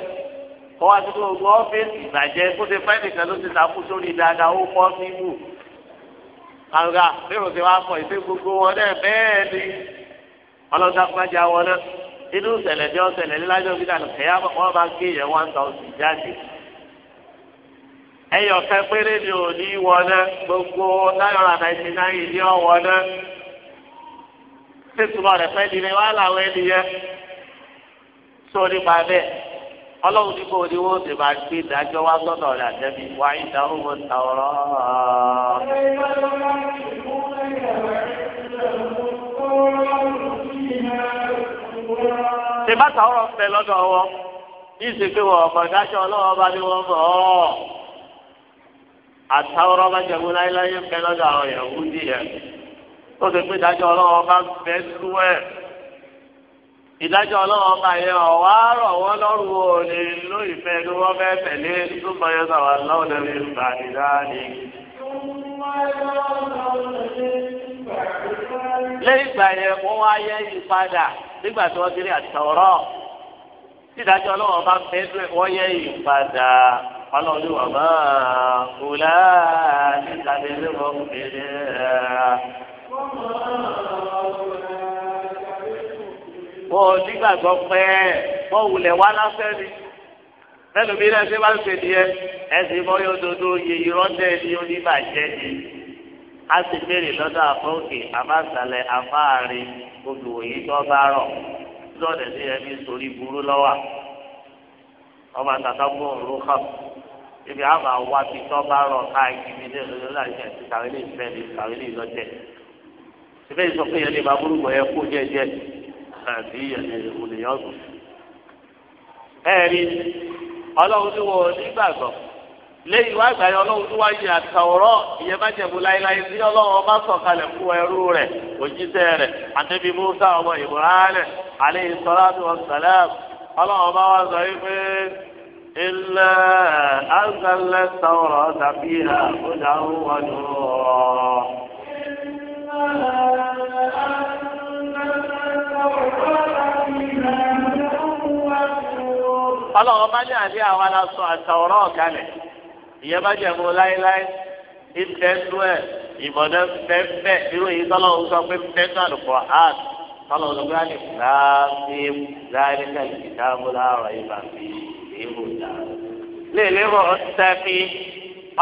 Speaker 1: kó wá sí gbogbo ọfíìsì ìbàjẹ́ kó ti fẹ́ nìkan ló ti sàkó sórí dáadáa ó kọ́ sí wù. àgbà bí mo ti wá fọ ìpè gbogbo wọn náà bẹ́ẹ̀ ni ọlọ́dàgbàjà wọn náà inú ìṣẹ̀lẹ̀ bí ọ̀ṣẹ̀lẹ̀ nílájọ́ gbígbà kẹ́yà wọn bá gé yẹn one thousand jáde. ẹyọ ọ̀fẹ́ ni ò ní wọlé gbogbo náírà náírà náírà ti máa gbé wá ìdá owó ta ṣe bá wọn wọn bá ní àtàwọn ọba jẹun láéláé ń bẹ lọ́dọ̀ àwọn yẹ̀wù dì yẹn tó ti pé ìdájọ́ ọlọ́wọ́ bá bẹ́ sú ẹ̀ ìdájọ́ ọlọ́wọ́ bá yẹ ọ̀wá rọ̀ wọ́n lọ́rùn o lè ló ìfẹ́ ló wọ́n fẹ́ tẹ̀lé túbọ̀ yẹn sọ̀rọ̀ lọ́wọ́ lórí ìgbà ìdáni. lẹ́yìn ìgbà yẹn wọ́n wá yẹ ìpadà nígbà tí wọ́n ti rí àtọ̀rọ̀ ìdájọ́ ọlọ́wọ́ bá bẹ́ wọ́n yẹ ìpadà ọlọ́run ní wàmọ́ ọ̀la nígbà tí ó mọ̀ ń bèrè.
Speaker 2: wọ́n ò nígbàgbọ́ pé wọ́n
Speaker 1: wulẹ̀ wá lásán ni lẹ́nu bí lẹ́sẹ̀ bá ń ṣe díẹ̀ ẹ̀sìn mọ́ yóò dodo yẹ ìrọ́jẹ́ ni oníbàjẹ́ ni a sì béèrè lọ́dọ̀ àfọ́ǹkì àbáṣàlẹ̀ àfáàrin olùwòye tó bá rọ̀ lọ́dẹ̀ sí ẹbí sórí burú lọ́wọ́ ọba tàkà bọ́ọ̀lù kọ́pù ibi àbá wa ti tọ́ bá rọ̀ ká ibi ní ìlú láìsẹ̀ ti kàwé lè fẹ́ lè kàwé lè lọ́jẹ̀. Ìfẹ́ ìsọ pé yẹn lè máa burúkú ẹ kó jẹ́jẹ́ àbí ènìyàn gùn. Ẹ̀rí ọlọ́run tí wọ́n nígbàgbọ́ lẹ́yìn wá ìgbà yẹn ọlọ́run tí wọ́n yẹ àtàwọ̀rọ̀ ìyẹn má jẹ̀bù láéláé sí ọlọ́run ọba sọ̀kalẹ̀ fún ẹrú rẹ̀ òjíṣẹ́ rẹ̀ àtẹ́bí Musa ọmọ Ibrahim alẹ́ ìsọ́lá ọlọ́run ọba wa sọ yìí pé. إلا أنزل التوراة فيها هدى ونورا ọlọ́run bá ní àlẹ́ àwọn aláṣọ àtàwọ̀rọ̀ ọ̀kalẹ̀ ìyẹn bá jẹ̀mú láéláé ìtẹ́sú ẹ̀ ìmọ̀lẹ́ fẹ́fẹ́ irú èyí tọ́lọ́run sọ pé fẹ́fẹ́ náà lùpọ̀ áàt tọ́lọ́run lọ́gbẹ́rẹ́ ní láàbí láàrín kàlùkì dáàbò láàrọ̀ ìbàmí. lèlérò dá
Speaker 2: lèlérò sẹ́fì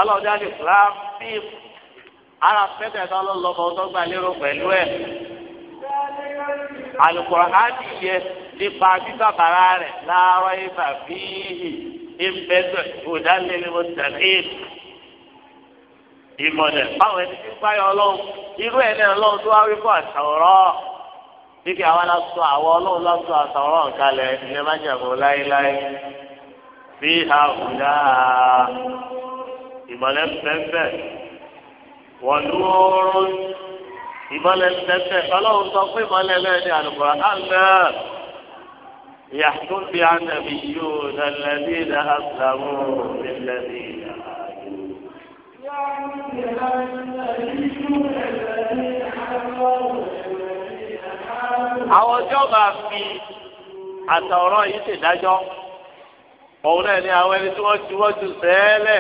Speaker 1: ọlọ́dún àti fúláfì ara pẹ́tẹ́ tó lọ́lọ́mọ tó gbà lérò pẹ̀lú ẹ̀
Speaker 2: alukọ̀hánì
Speaker 1: yẹ nípa bíbàbàrà rẹ̀ láàárọ̀ ibà fíìhì ìbẹ́sẹ̀ ìbòdánilẹ́lẹ́mọ̀ sẹ́fì
Speaker 3: ìmọ̀lẹ̀ báwọn
Speaker 1: ẹni tí ń ọlọ́run irú ẹ̀ náà tó wá wí fún àtàwọ̀rọ̀ bí kí àwọn ọlọ́run àtàwọ̀rọ̀ kalẹ̀ ìyẹn má láéláé fi àwùjá ìmọ̀lẹ̀ pẹ́pẹ́ wọ́n lóoró ìmọ̀lẹ̀ pẹ́pẹ́ ọlọ́run sọ pé ìmọ̀lẹ̀ náà ní àlùkòrò àná yàtún bí ànàbí yóò nàlẹ́bí nà àgbàmú nílẹ̀bí nà àjò.
Speaker 2: àwọn ọjọ́ máa fi
Speaker 1: àtọ̀rọ̀ yìí ṣèdájọ́ òun náà ní àwọn ẹni tí wọ́n ti wọ́n ju sẹ́ẹ̀lẹ̀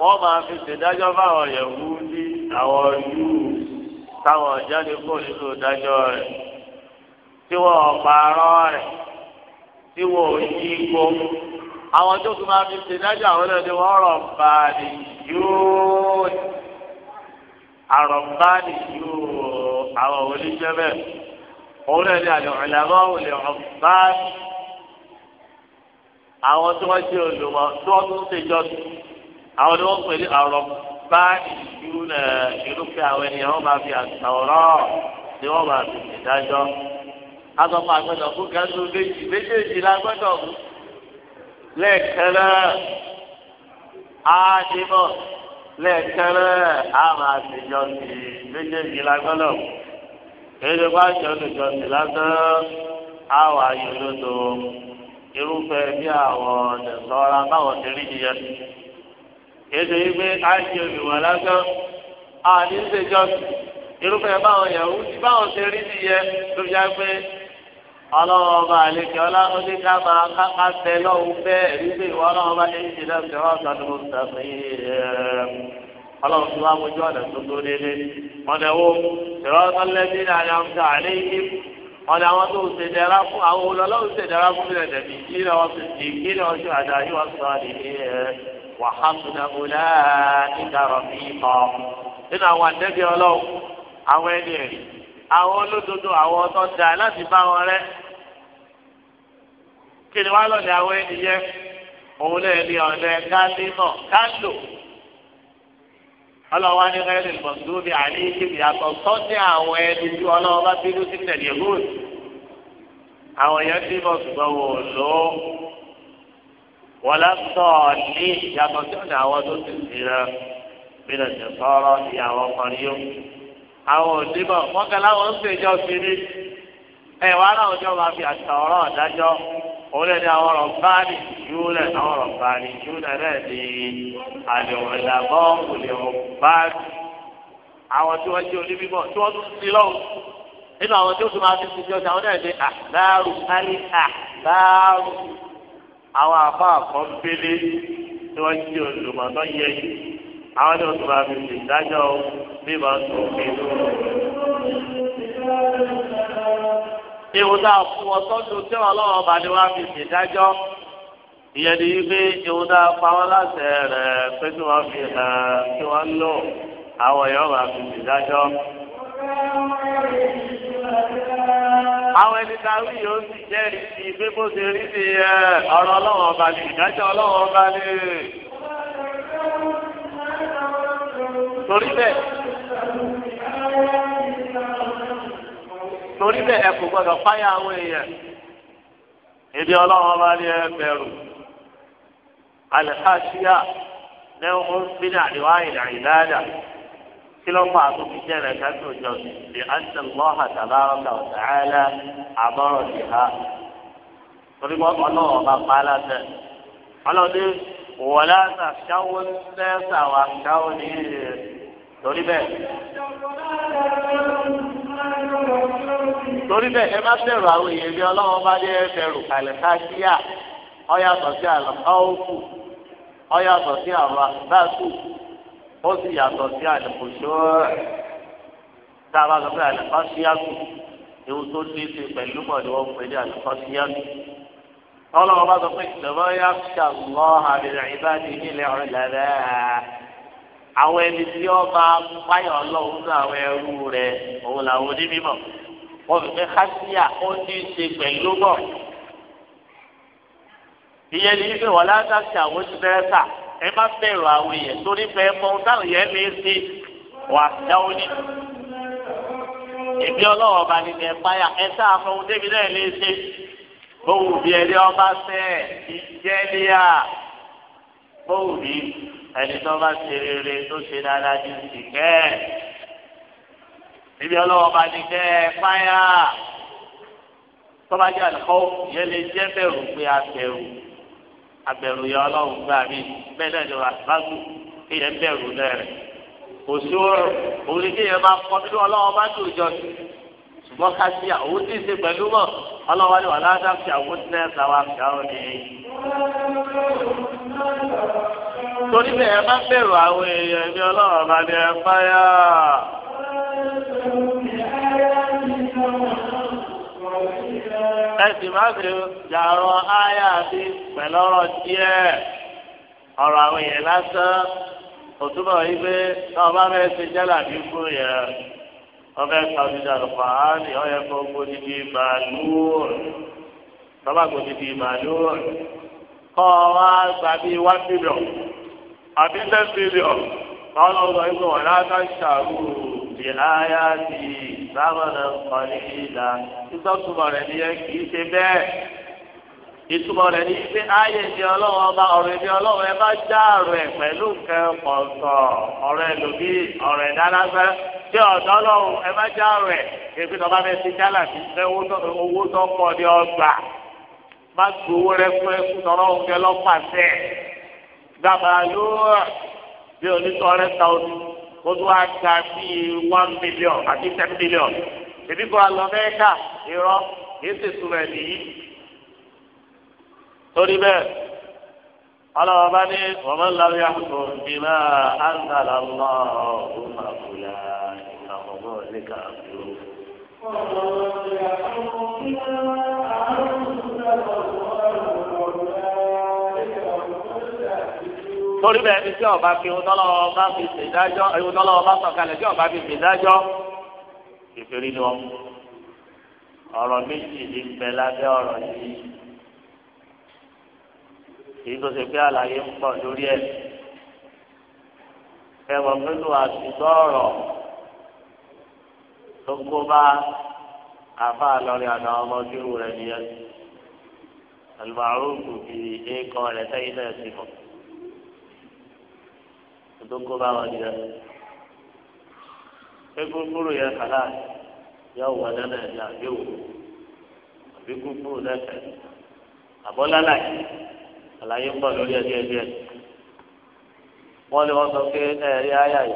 Speaker 1: wọ́n máa fi ṣèdájọ́ fáwọn yẹ̀wù ní àwọn yúù táwọn jáde kó nínú ìdájọ́ rẹ̀ tí wọ́n pààrọ̀ rẹ̀ tí wọ́n yí ipò àwọn tó tún máa fi ṣèdájọ́ àwọn ẹni wọ́n rọ̀ báàdì yóò àrọ̀ báàdì yóò àwọn oníjẹ́ bẹ́ẹ̀ òun náà ní àlè ọ̀làmọ́ òun lè ọ̀ báàdì àwọn tí wọ́n jẹ́ olùmọ̀ tí wọ́n tún ṣe jọ àwọn ni wọ́n pè ní ọ̀rọ̀ bá ìlú rẹ̀ irúfẹ́ àwọn ènìyàn wọ́n máa fi àtàwọ̀rọ̀ ni wọ́n máa fi ìdájọ́. azọ́pọ̀ àgbẹ̀dọ̀ fún kẹ́ńtù méjì méjèèjì la gbọ́dọ̀ mú lẹ́ẹ̀kẹ́rẹ́ àdìmọ̀ lẹ́ẹ̀kẹ́rẹ́ àmà àtijọ́ sí méjèèjì la gbọ́dọ̀ mú. èyí ló bá jẹ́ olùjọ́sìn lásán àwọn ayò lódò irúfẹ́ bí àwọn ẹ̀sọ́ra báwọn ti rí jíjẹ. Èdè yìí pé àìsí olùwà lásán àní ṣèjọ́ irúfẹ́ báwọn yẹ̀wù tí báwọn ti rí jíjẹ tó fi já pé ọlọ́wọ́ ọba àlejò ọlọ́run ní ká máa káká tẹ lọ́wọ́ bẹ́ẹ̀ rí pé ìwọ ọlọ́run bá ní ìdí náà ṣe wọ́n sọdún mọ́tàfẹ́ ọlọ́run tí wọ́n á mójú tó tó délé. Mọ̀nà wo ọ̀dà àwọn tó ṣe dára fún àwọn olólùwọ́ ṣe dára fún ilẹ̀ dẹ̀bi kí ni wọ́n ti kí ni wọ́n ṣe àdá yìí wọ́n sọ àdìgbé ẹ̀ wàhálà ọ̀là ìdàrọ̀ mi kọ́. nínú àwọn àdẹ́bí ọlọ́wọ́ àwọn ẹni ẹ̀rí àwọn olódodo àwọn ọ̀tọ̀ dà láti bá wọn rẹ́. kí ni wọ́n lọ́ọ̀dẹ̀ àwọn ẹni yẹ òun náà ní ọ̀dẹ kálí ọlọ́wọ́ ní rẹ́lì mọ̀tòbí àlíyé yàtọ̀ sọ́jà àwọn ẹni tí ọlọ́wọ́ bá bínú sí tẹ̀lé hood àwọn yẹn tí mo sùgbọ́n wò ló wọlé sọ ní yàtọ̀ sí ọ̀dà àwọn tó ti sì rẹ bínú sí sọ́rọ́ ní àwọn ọkùnrin yó àwọn òdìbò wọn kẹlẹ́ àwọn ń ṣèjọ́ sí ní ẹ̀ wàhálà òjò máa fi àtàwọ̀rọ̀ ọ̀dájọ́ òun lẹ́ni àwọn ọ̀rọ̀ báàlì júlẹ̀ àwọn ọ̀rọ̀ báàlì júlẹ̀ náà ni àdéhùn ìdàgbọ́ òdìhùn báàlì àwọn tí wọ́n jẹ́ onímọ̀ tí wọ́n tún ti lọ́wọ́ nínú àwọn tí ó tún máa ti ti jọjà àwọn náà ni àbáàrù kálí àbáàrù àwọn àbá àkọ́ńpélé tí wọ́n jẹ́ olùmọ̀ tó yẹ yìí àwọn tí wọ́n tún máa fi ṣèdájọ́ bí wọ́n tún fi lọ́wọ́ ewu tá a fún wọn sọ́dún tí wọn lọ́wọ́ bá ní wàá fi ṣèdájọ́ ìyẹn ni wípé ewu tá a pa wọn láṣẹ rẹ̀ pé kí wọ́n fi hàn kí wọ́n lò àwọn èèyàn máa fi ṣèdájọ́. àwọn ẹni tá a rí yóò sì jẹ́rìí sí i pé bó ṣe rí ni ọ̀rọ̀ ọlọ́wọ́n ọba ni ìdájọ́ ọlọ́wọ́n ọba ni.
Speaker 2: torí bẹ́ẹ̀. torí bẹ́ẹ̀
Speaker 1: ẹ kò gbọdọ̀ fáyà àwọn èèyàn ebi ọlọ́run ọba ni ẹ bẹ̀rù alihasiya ní ọ̀hún bínú àdìwá ìlà ìlàdà kí ló fà tó fi jẹ́ ẹ̀ka tó jọ ní anṣẹ́lọ́hà tàbárọ̀kà ọ̀tàálà àbọ̀rọ̀ sí ha torí ọba pàálà tẹ̀ ọlọ́run ní wọ́lá ṣàṣàwọ́ ń ní torí bẹ́ẹ̀
Speaker 2: torí bẹ́ẹ̀ ẹ má bẹ̀rù àwọn
Speaker 1: èèyàn bí ọlọ́wọ́ bá dé bẹ̀rù kàlẹ́ káṣíà ọ̀yàtọ̀ sí àlọ́kọ́ọ̀kù ọ̀yàtọ̀ sí àwọn àbáṣù ó sì yàtọ̀ sí àlẹ́kọ̀ṣọ́ tá a bá sọ pé àlẹ́kọ́ṣíàkù ewu tó ní ṣe pẹ̀lú mọ̀ ni wọ́n pè ní àlẹ́kọ́ṣíàkù ọlọ́wọ́ bá sọ pé ìjọba yà àwọn ẹni tí wọn máa báyọ̀ ọlọ́run ní àwọn ẹrú rẹ̀ òun làwọn onímọ̀ wọn fi pé kásíà ó ní í ṣe pẹ̀lú bọ̀ ìyẹn ní ife wọn látàkì àwọn onídẹ́rẹ́sà ẹ má bẹ̀rù àwọn èèyàn torí fẹ́ mọ ohun táwọn yẹn lè ṣe wà dáwọ́ ní. èmi ọlọ́wọ́ ọba ni ẹ báyà ẹ sáà fún ohun débi náà lè ṣe bóun bí ẹni ọba sẹ́ẹ̀ ìjẹ́líà bóun bí ẹni tó bá ṣe rere tó ṣe dáadáa ju sì kẹ́ ẹ̀. Ibi ọlọ́wọ́ bá ní kẹ́ ẹ fáyà. Tọ́ba jẹ́ àlùkò yẹn lè jẹ́ bẹ̀rù pé abẹ̀rù. Abẹ̀rù yẹ ọlọ́run gbà mí. Bẹ́ẹ̀ náà ni wà lágùn kí yẹn bẹ̀rù náà rẹ̀. Kò sí òòrùn, òun kí yẹn máa kọ́ bí ọlọ́wọ́ bá dùn jọ sí. Ṣùgbọ́n ká sí àwọn tí ì ṣe pẹ̀lú mọ̀. Ọlọ́wọ́ ni wà ládàá fi àwọn tí náà
Speaker 2: torí bẹ́ẹ̀ ẹ má bẹ̀rù àwọn
Speaker 1: èèyàn ẹ̀mí ọlọ́run bá ní ẹ fáyà. ẹ sì má fi jàrọ̀ áyà sí pẹ̀lú ọ̀rọ̀ díẹ̀ ọ̀rọ̀ àwọn èèyàn lásán òtúbọ̀ yìí pé náà bá fẹ́ ṣe jálà bí kú yẹn ọbẹ̀ kàwéjà lọ́pàá ọyẹ kó kọ́ ọ àbí ten billion káwọn ọgbà ìgbọ̀n wọn láta ṣàrù bí aya ti sábàdà kọ́lé ìlà ìtọ́tùmọ̀ rẹ̀ nìyẹn kì í ṣe bẹ́ẹ̀ ìtumọ̀ rẹ̀ ní pé ayé ni ọlọ́wọ́ ọba ọ̀rọ̀ ni ọlọ́wọ́ ẹ bá já ọ̀rọ̀ ẹ̀ pẹ̀lú nǹkan pọ̀tọ̀ ọ̀rọ̀ ẹlòmí ọ̀rọ̀ ẹ̀dá lásán tí ọ̀dọ́ ọlọ́run ẹ bá já ọ̀rọ̀ ẹ̀ èpè tọ́ba bẹ́ẹ̀ ti jálà sí ṣe owó tó pọ̀ ní ọgbà má gbowó rẹ fún ẹkú tọ́lọ́run kẹ lọ́pàṣẹ dàbàlúwà bí onítọ̀ọ́rẹ́ tàwọn kó tó wá ga bíi one million àti ten million èmi kò àlọ́ mẹ́ka irọ́ kì í sì túmọ̀ ẹ̀ nìyí. torí bẹ́ẹ̀ ọlọ́wọ́ bá ní ọmọ ńláwí àkókò bímọ àǹtàlá ńlá ọ̀hún màkúlá ìgbà ọmọ ọ̀lẹ́kà ló. torí bẹ́ẹ̀ ni tí ọba fi ohun tọ́lọ́wọ́ bá fi ṣèdájọ́ ohun tọ́lọ́wọ́ bá sọ̀kalẹ̀ tí ọba fi ṣèdájọ́ ìfèrí ni wọn. ọ̀rọ̀ méjì ní bẹ lábẹ́ ọ̀rọ̀ yìí èyí tó ṣe pé àlàyé ń pọ̀ lórí ẹ̀ ẹ̀wọ̀ pẹ̀lú àtúntò ọ̀rọ̀ tó kó bá àfa àlọ́rin àná ọmọdé rẹ̀ nìyẹn àlùmọ̀ àrùn kò fi èèkàn rẹ̀ sẹ́yìn náà sí mọ́. tó kó bá wọn e egungun yẹ kàlá yọ wọ nínú ẹ̀yà yóò àbí gúgúrú lẹ́sẹ̀ àbọ̀lálà yìí àlàyé ń lórí ẹ̀ díẹ̀ díẹ̀ wọ́n lé wọ́n sọ pé ẹ̀rí àyà yìí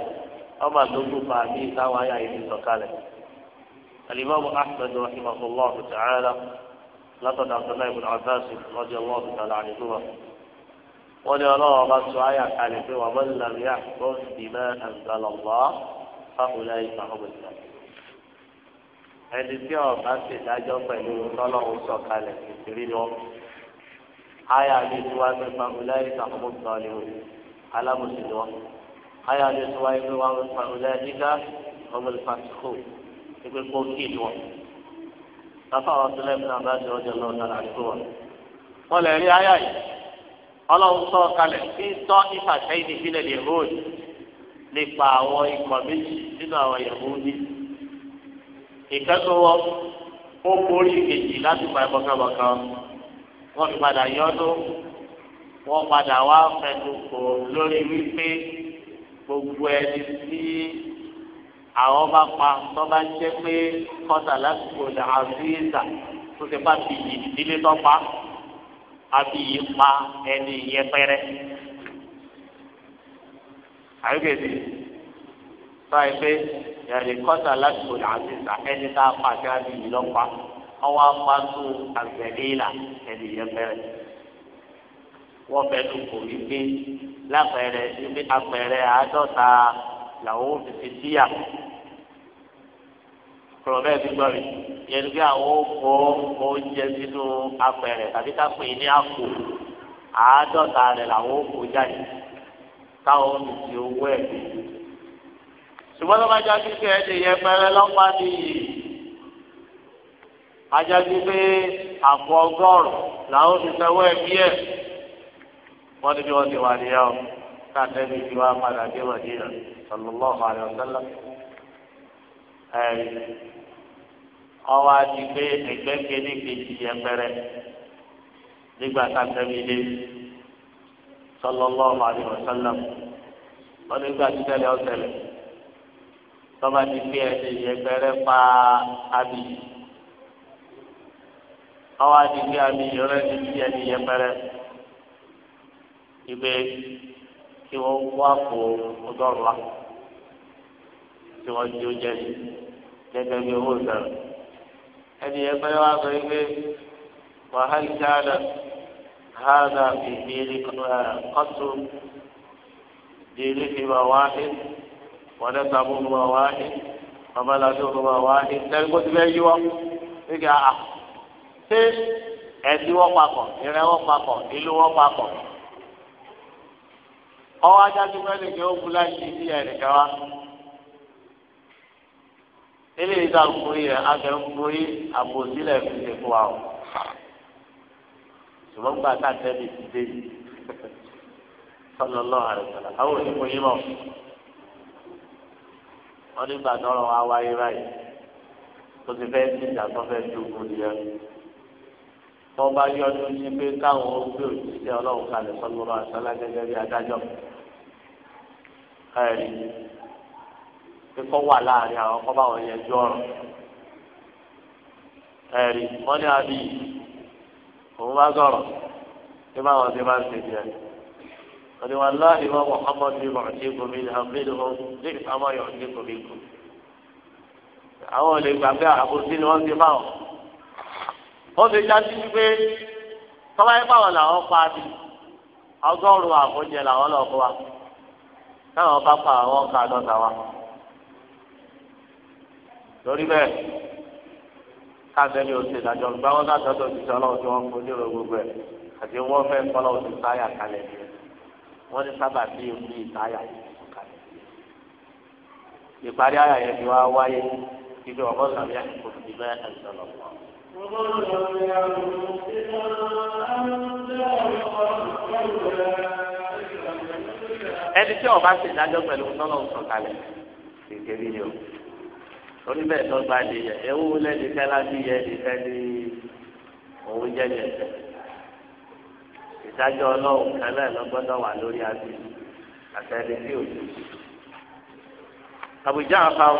Speaker 1: ọmọ àdógún fún àbí ìsáwọn àyà yìí ti sọ̀kalẹ̀ alimami ahmed rahimahullah ta'ala látọ̀dọ̀ abdullahi ibn abbas radiyallahu ta'ala anhu. wọ́n ní ọlọ́wọ́ bá sọ ayà kalẹ̀ pé wà mọ́ nílànà yà kó ìdìmọ̀ àgbàlọ́gbọ́ fáwọlá ìgbà ọmọ ìgbà. ẹni tí ọba ṣe dájọ́ pẹ̀lú tọ́lọ́hún sọ kalẹ̀ ìṣirí ni wọ́n. ayà mi tí wàá fi fáwọlá ìgbà ọmọ ni wọ́n alámùsùn ni wọ́n. ayà mi tí wàá fi wàá fáwọlá ìgbà ọmọ ìgbà sùkú ìgbẹ́ ni wọ́n. bàbá wa tó lẹ́mìnà ọlọ́run sọ kalẹ̀ kí tọ́ ipa sẹ́yìn ìfilẹ̀ yehudi nípa àwọn ikọ̀ méjì nínú àwọn yehudi ìkẹ́kọ̀ọ́ ó borí kejì láti pa ẹ̀kọ́kẹ́bọ̀kan wọ́n fi padà yọ́dún wọ́n padà wá fẹnu kò lórí wípé gbogbo ẹni tí àwọn bá pa tó bá jẹ́ pé kọ́tà lásìkò làásìkò ìta tó ti bá fi yìí nílé tó pa àbí yìí pa ẹni yẹpẹrẹ àyùkèdè báyìí pé yàrá kọ́tà láti kò láti sà ẹni tá a pàṣẹ àbí yìí lọ́pàá ọwọ́ apáṣọ àgbẹ̀dẹ́là ẹni yẹpẹrẹ wọ́n fẹ́nu kò ní gbé lápẹ̀rẹ̀ ní apẹ̀rẹ̀ àádọ́ta làwọn òfìfì díyà sọ̀rọ̀ bẹ́ẹ̀ ti gbọ́ rí yẹn ní pé àwọn kó oúnjẹ sínú apẹ̀rẹ̀ tàbí ká pè é ní àpò àádọ́ta rẹ̀ làwọn kó jáde táwọn mi ti owó ẹ̀ bí. ṣùgbọ́n tó bá já sí pé ẹ̀jẹ̀ yẹn pẹ́rẹ́ lọ́pàá ní iyì ajá pé àpò ọgọ́rùn làwọn ti sanwó ẹ̀ ẹ̀ wọ́n ní bí wọ́n ti wà níyà o káàtẹ́ bí ti wá padà dé wà níyà sallallahu alaihi wasallam ọwọ́ adi pé ẹgbẹ́ kéde kejì ẹgbẹrẹ nígbà sàtẹ́mídé sallallahu alaihi wasallam wọn nígbà títẹ̀lẹ̀ ọ̀sẹ̀lẹ̀ tọ́ba ti pé ẹni ẹgbẹrẹ pa abi ọwọ́ adi pé abi yọrọ ẹni tí ẹni ẹgbẹrẹ ibẹ̀ kí wọ́n wá kó ọdọ́rùn wa wọ́n di oúnjẹ yìí gẹ́gẹ́ bí owó ìbẹ̀rẹ̀ ẹni ẹgbẹ́ wa sọ yìí pé wàhálì káàdà hàdà bìbìrì kọ́tù dìrì fìmà wáhì wọlé sàmú fìmà wáhì babaláwo fìmà wáhì lẹ́yìn kó ti fẹ́ yí wọ́n nígbà àhà ṣé ẹbí ah, wọ́n papọ̀ ìrẹ́ wọ́n papọ̀ ìlú wọ́n papọ̀ ọwọ́ adájú mẹ́rin ni ó kú láti ibi ẹ̀rìnkà wa eléyìí tá a forí rẹ̀ a fẹ́ forí àbòsílẹ̀ fi ṣe fún wa o ṣùgbọ́n gba ká tẹ́lẹ̀ ti dé yìí sọlọ lọ àrẹ̀sọ̀lá àwọn òṣìkò yìí mọ̀ wọ́n ní gbà tọrọ wa wáyé báyìí tó ti fẹ́ ti ìjà tó fẹ́ dógún ni ẹ tó bá yọjú sí pé káwọn ó gbé òṣìṣẹ́ ọlọ́run kalẹ̀ sọlọ lọ àrẹ̀sọ̀lá bí adájọ́ ẹ̀rí. pé kọ́ wà láàrin àwọn kọ́ bá wọn yẹjú ọ̀rọ̀ ẹ̀rí wọ́n ní àbí òun bá sọ̀rọ̀ bí báwọn ti bá ń ṣe jẹ́ wọ́n ní wọn wọn Muhammad bí wọ́n ní ní ìfàmọ́ yọ̀ àwọn olè gbà pé àbòsí ni wọ́n ti bá wọn. ti já sí pé tọ́lá yẹn báwọn làwọn pa bí ọgọ́rùn-ún làwọn lọ́ọ́ wa táwọn bá pa àwọn wa. lórí bẹ́ẹ̀ káàbẹ́lì oṣù ìdájọ́ gbá wọn látọ̀dọ̀ òṣìṣẹ́ ọlọ́run tí wọ́n fojú rẹ gbogbo ẹ̀ àti wọ́n fẹ́ kọ́lọ́ oṣù táyà kalẹ̀ ni wọ́n ní sábà bí omi ìtáyà kalẹ̀. ìparí àyà yẹn ti wá wáyé ibi ọ̀bọ̀ sàbí àkókò ti bẹ́ẹ̀ ẹ̀sán lọ. ẹni tí ọba ṣèdájọ́ pẹ̀lú sọ́lọ́ sọ̀kalẹ̀ kékeré ni o. torí bẹ́ẹ̀ tó gba di yẹ ewu lẹ́ni kẹ́lá bí yẹ ni kẹ́ni òun jẹ́ yẹ ìdájọ́ ọlọ́run kẹlẹ́ lọ́gbọ́dọ̀ wà lórí abí àtẹni tí ò àbújá àfáà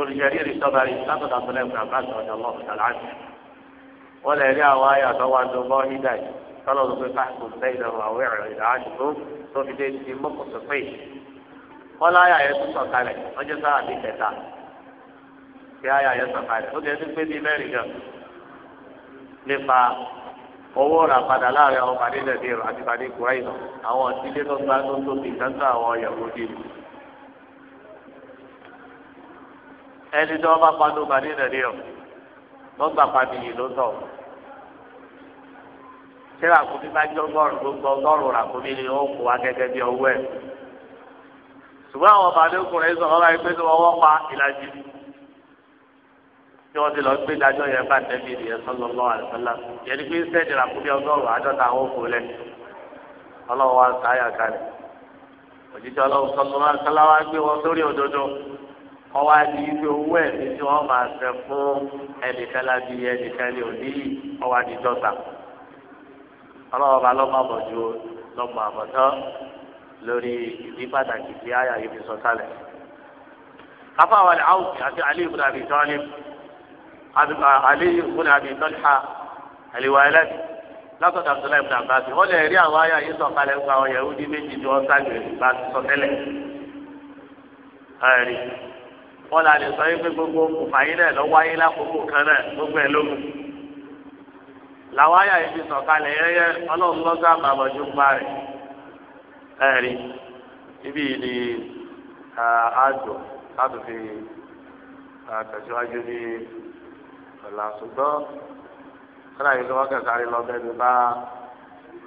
Speaker 1: olùjẹ́rìí rí sọ́bàrí látọ̀dọ̀ àtúnlẹ̀ ìgbà bá sọ̀rọ̀ lọ́wọ́ sàlámì. wọ́n lè rí àwọn ayé yìí ló lọ́wọ́ àwọn ẹ̀rọ tó fi dé ti kí àyà yẹn sọ̀kalẹ̀ ó jẹ́ sí pé bíi mẹ́rin gan nípa owó rà padà láàrin àwọn pàdé lẹ́bí rẹ̀ àti pàdé kúrẹ́ ìlọ àwọn ọ̀sílẹ̀ tó gbá tó tóbi ìtọ́jú àwọn ìyàwó dì í. ẹni tí wọ́n bá pàdé pàdé lẹ́bí rẹ̀ wọ́n gbà pàdé yìí ló tọ̀. ṣé àkóbí bá jẹ́ ọgọ́rùn gbogbo ọgọ́rùn àkóbí ni ó kó wa gẹ́gẹ́ bí ọwọ́ ẹ̀. ṣùgbọ́n àwọn pàdé kúrẹ́ ìsọ̀rọ̀ tí wọ́n ti lọ gbé dájọ́ yẹn bá tẹ̀lé ìdíyẹ sọ́lọ́ lọ́wọ́ àlùfẹ́lá yẹn ni pé sẹ́ẹ̀dì làkúbí ọgọ́rùn-ún àádọ́ta àwọn òkú lẹ̀ ọlọ́wọ́ àkáyà kalẹ̀ òjijì ọlọ́wọ́ sọ́lọ́ àlùfẹ́lá wá gbé wọn sórí òdodo wọ́n wá di ibi owó ẹ̀mí tí wọ́n máa fẹ́ fún ẹnìkan láti ẹnìkan lè òní yìí wọ́n wá di dọ́ta ọlọ́wọ́ bá lọ́mọ àbọ̀jú lọ́mọ àbọ̀tán lórí ìdí pàtàkì tí àyà yìí fi sọ sálẹ̀. afáwọn àlẹ́ àwùjọ àti alẹ́ ìbúdàbí tọ́lẹ́ aliyu fúnni abi tọ́lá àlewà ẹlẹ́sìn látọ̀dọ̀ abdullahi ibn abbas wọ́n lè rí àwọn ayé yìí sọ̀kalẹ̀ fún àwọn yahudi méjì tí wọ́n sáájú ìgbà sọ tẹ́lẹ̀ ẹ̀rí wọ́n là lè sọ yín pé gbogbo kùfàyí náà lọ wáyé lákòókò kan náà gbogbo ẹ̀ lókun làwọn ayé yìí fi sọ̀kalẹ̀ yẹ́yẹ́ ọlọ́run lọ́sọ̀ àbàbọ̀jú ń bá rẹ̀ ibi ni àádùn láti fi tẹ̀síwájú ní sọlá ṣùgbọ́n kọ́nà yìí kí wọ́n kẹ̀ sáré lọ bẹ́ẹ̀ ni bá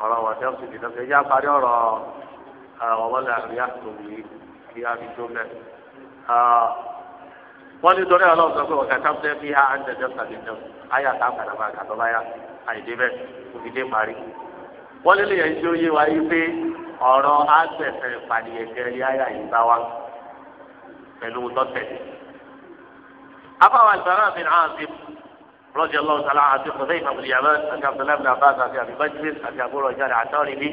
Speaker 1: ọ̀rọ̀ wọn tẹ́ sí ìdílé fẹ́ yá parí ọ̀rọ̀ ọ̀wọ́lẹ̀ àríyá tó wù yìí kí á fi tó bẹ́ẹ̀. wọ́n ní torí ọlọ́run sọ pé ọ̀kẹ́ sáfẹ́ fi há ń tẹ̀sẹ̀ sàbí jẹun ayà tá a padà máa kà tó bá yá àìdé bẹ́ẹ̀ kò fi dé parí. wọ́n nílé yẹn tí ó yé wa yí pé ọ̀rọ̀ àgbẹ̀fẹ̀ rọ́jì ọlọ́run sálá àti ọ̀sẹ̀ ìfàmùlìyàmẹ́ àti abdullahi abbas àti abibajibis àti àbúrò ọjà rẹ̀ àtọ́rin mi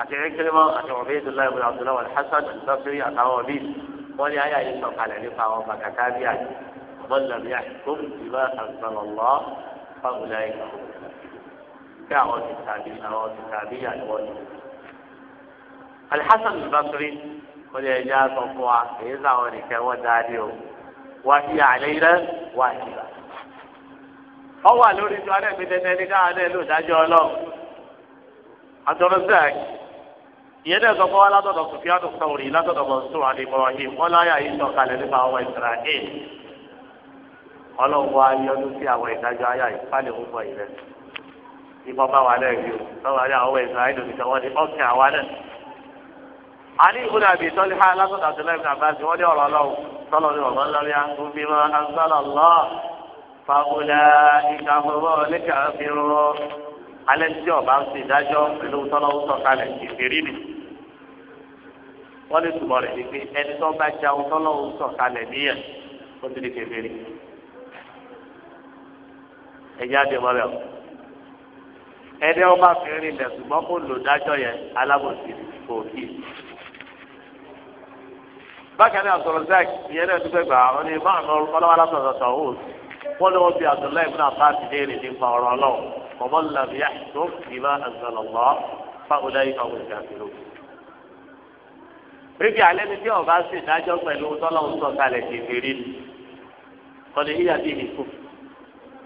Speaker 1: àti ẹ̀kẹ́rẹ́mọ́ àti ọ̀bẹ ìdúláyé ibùdó abdullahi alhassan ìtọ́sírí àtàwọn mi wọ́n ní ayé àyè sọ̀kalẹ̀ nípa àwọn bàkàtà bí àyè wọ́n lọ bí àyè tó ìbá àgbàlọ́lọ́ fáwọlá yìí kí àwọn ti tàbí àwọn ti tàbí àyè wọ́n ni. alhassan ìbásírí wọ́n ní ẹja sọ fún wa èyí sáwọn nìkẹ́ wọ́n dáadé o wáyé àlẹ́ ọwọ́ àlórí tí wọn náà fi tẹ́tẹ́ ní káwọn náà lò dájọ́ ọlọ́run àtọ́rọ́ sẹ́ẹ̀k ìyẹn náà sọ fún wa látọ̀dọ̀ sùfíà tó sọ̀rọ̀ yìí látọ̀dọ̀ bọ̀ sùn àti Ibrahim wọn láyà yìí sọ kalẹ̀ nípa ọmọ Ísírẹ́lì ọlọ́run wa yọdún sí àwọn ìdájọ́ ayà ìpalẹ̀ òkùnkùn ìrẹ́ ìbọn bá wà lẹ́yìn o sọ́wọ́n ayé àwọn Ísírẹ́lì lòdì sọ́wọ́n ní ọ̀kẹ́ àwa náà. علي بن ابي طلحه لقد عبد الله بن عباس ولي الله صلى الله عليه fàwọlá ìka fọwọ́ lẹ́ka fi rọ alẹ́ tí ọba ń ti dájọ́ pẹ̀lú tọ́lọ́wọ́ sọ̀kalẹ̀ ìfèrí ni wọ́n lè túbọ̀ rẹ̀ pé ẹni tó bá ja tọ́lọ́wọ́ sọ̀kalẹ̀ níyẹn ó ti di kékeré ẹ̀yà àdìmọ́ rẹ̀ o ẹni ọba fìrìn lẹ̀ ṣùgbọ́n kò lò dájọ́ yẹn alábòsí kò kí bákan náà sọ̀rọ̀ zak ìyẹn náà dúpẹ́ gbà ọ́ ní báwọn wọ́n lé wọ́n fi abdullahi ibn abbas léèrè nípa ọ̀rọ̀ ọlọ́run ọmọ làbí àìsàn ìmọ̀ àgbàlọ́lọ́ fáwọlẹ́ ìfà wọn ìjà fèrò. bíbí alẹ́ ni tí ọba sì dájọ́ pẹ̀lú tọ́lọ́hún sọ kalẹ̀ kékeré wọ́n lè yíyá bí ìlú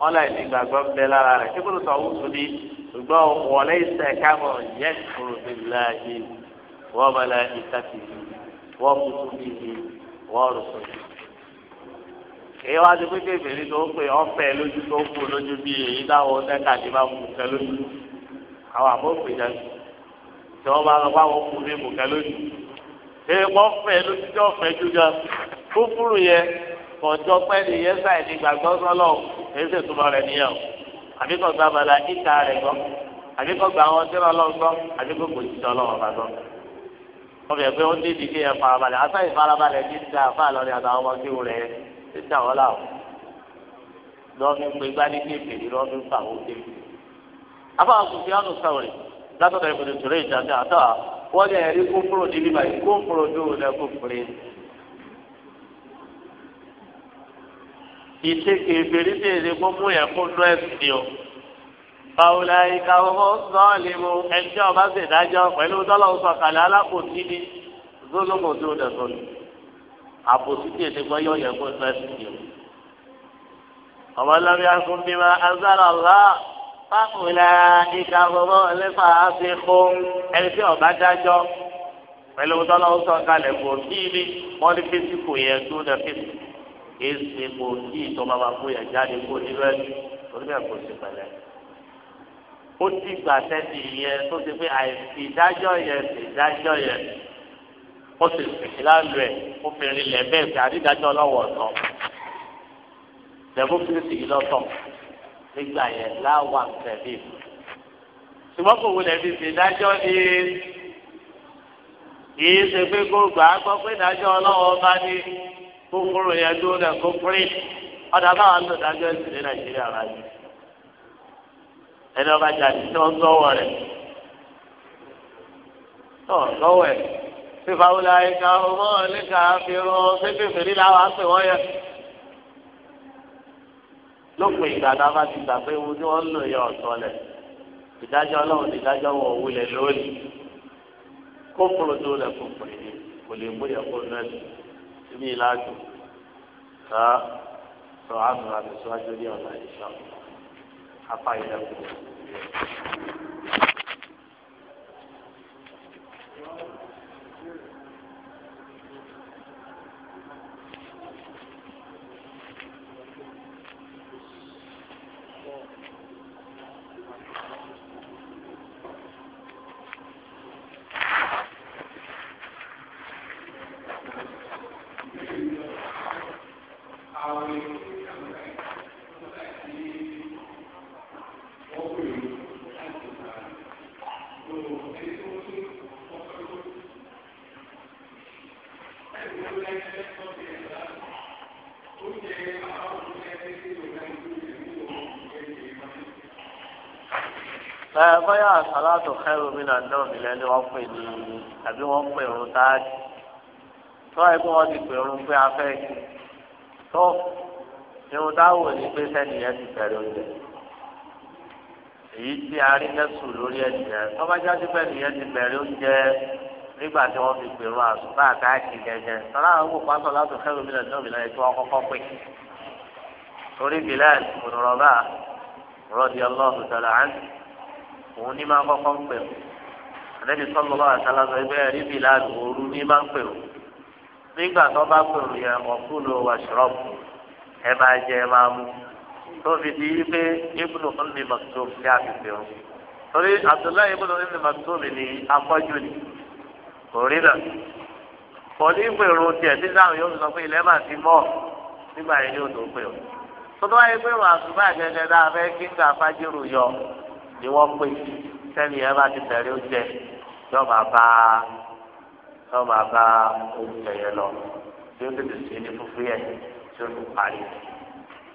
Speaker 1: wọ́n láì ní gbàgbọ́ bẹ́ẹ̀ lára rẹ̀ kíkúrú sọ wútu ní ṣùgbọ́n wọlé ìṣe kámọ̀ yẹn kúrò níláàyè wọ́n mọ̀lá ìtàkì wọ́n kúkú níbi wọ́n rùsùn èyí wá sí pé kébèrè tó pè ọ̀fẹ́ lójú tó kú lójú bí èyí táwọn ọ̀dẹ́ka ti máa kú kẹ lójú àwọn àbókù ìjà tí wọ́n bá lọ bá wọn kú ní kùkẹ́ lójú èyí wọ́n fẹ́ lójú tí wọ́n fẹ́ jù jọ fúfúrú yẹ kọjọ pẹ́ ní yẹn sáì ní gbàgbọ́ sọ́lọ́ èyí sì túbọ̀ rẹ̀ níyàn àbíkọ̀ gba bàlá ìta rẹ̀ gbọ́ àbíkọ̀ gba àwọn tí wọ́n lọ gbọ́ àbíkọ̀ kò jíjọ lọ́wọ́ bá ni ṣé ń dà wọ́n láwọ̀ lọ́ọ́ fi pé gbá ní kéèké ní lọ́ọ́ fi ń fà wọ́n kéèké. afáwọn kò fi hàn sọ̀rọ̀ látọ̀dọ̀ ìbùdó tòrè ìjàdá àtọ́ wọ́n lè rí kófòrò níbí báyìí kófòrò dóò lẹ́ kófòrè. ìṣe kèfèrí tèèrè kó mú yẹn kó nú ẹ̀sìn ni o. bàwùlà ìka sọ́ọ̀lì mu ẹjọ́ bá ṣèdájọ́ pẹ̀lú tọ́lọ́ àbòsí tí èsì gbọ́ yọ̀ yẹ kó fẹ́ sí i o. ọmọ lọ́bí akún bí ma azara ọ̀la fáwọlá ìka fọmọ ẹlẹ́fà àti kún ẹni tí ọba dájọ́ pẹ̀lú tọ́lá ó sọ kalẹ̀ kò kí ni wọ́n fèsì kò yẹ tó dẹ fèsì èsì kò kí ìtọ́ba máa kó yẹ jáde kó níbẹ̀ torí bẹ́ẹ̀ kò sí pẹ̀lẹ́ ó ti gbà sẹ́ni yẹn tó ti pé àìsí ìdájọ́ yẹn ìdájọ́ yẹn ó sì ìlànà rẹ̀ ó fi rin ilẹ̀ bẹ́ẹ̀ fi àdídájọ́ ọlọ́wọ́ ọ̀tọ̀ democracy yìí lọ́tọ̀ nígbà yẹn láwà tẹ̀lé ṣùgbọ́n kò wulẹ̀ fi ṣèdájọ́ ni kì í ṣe pé kó gbà á gbọ́ pé ìdájọ́ ọlọ́wọ́ bá ní kókóró yẹn tó rẹ̀ kókórè ọ̀dà báwa ń lò dájọ́ ẹ̀sìn ní nàìjíríà rájú ẹni ọba jà ní tí wọ́n gbọ́wọ́ rẹ̀ tó lọ́wọ́ ẹ̀ fífàwùlà ìka ọmọ ọlẹ́ka fìrún fífìfìrí làwọn àpè wọ́n yẹ. lópin ìgbà tá a bá ti gbà pé ewu tí wọ́n ń lò yẹ ọ̀tọ̀ lẹ̀ ìdájọ́ ọlọ́run ní ìdájọ́ wọ̀ wulẹ̀ lónìí kó kúrò tó lẹ̀ kó pè é kò lè mú yẹ kó lẹ̀ síbi ìlàjò ká sọ àmì àti síwájú ní ọ̀la ìṣọ́ apá ìlẹ̀kùn. ẹ báyà àsálàtò kẹrù mi náà dán mi lẹ́nu wọ́n pè ní àbí wọ́n pè ọ̀run táàdì tó àìkú wọn ti pè ọ̀run pé afẹ́ kí tó irun táwò ní pé sẹ́ni yẹn ti bẹ̀rẹ̀ oúnjẹ èyí tí a rí lẹ́sùn lórí ẹ̀jẹ̀ tó bá jáde bẹ́ẹ̀ yẹn ti bẹ̀rẹ̀ oúnjẹ nígbà tí wọ́n fi pè wọn àsùnbà káàkiri gẹ́gẹ́ tọ́lá àwọn òkú pásọ kẹrù mi náà dán mi lẹ́nu tí kọ́kọ́ pè òun ní máa kọ́kọ́ ń pè ó àlẹ́bí sọ́lọ́ lọ́wọ́ àtàlà sọ ẹgbẹ́ rí bìláàlù òru ní máa ń pè ó nígbà tó bá pè ó yẹn ọ̀kú ló wà ṣọ́ọ̀bù ẹ máa jẹ ẹ máa di pé ibùdó fún mi màtó ní àfìfẹ́ o torí àtúnlá ibùdó fún mi màtó mi ní ni kò rí náà kò ní pè ó tiẹ̀ tí sáwọn yóò sọ pé ilẹ̀ máa ti mọ́ nígbà yẹn yóò tó pè tó tó wáyé pé ni wọ́n pè sẹ́ni ẹ bá ti tẹ̀lé oúnjẹ yóò máa bá yóò máa bá oúnjẹ yẹn lọ tí ó tètè sí ní fúfú yẹn tí ó tún parí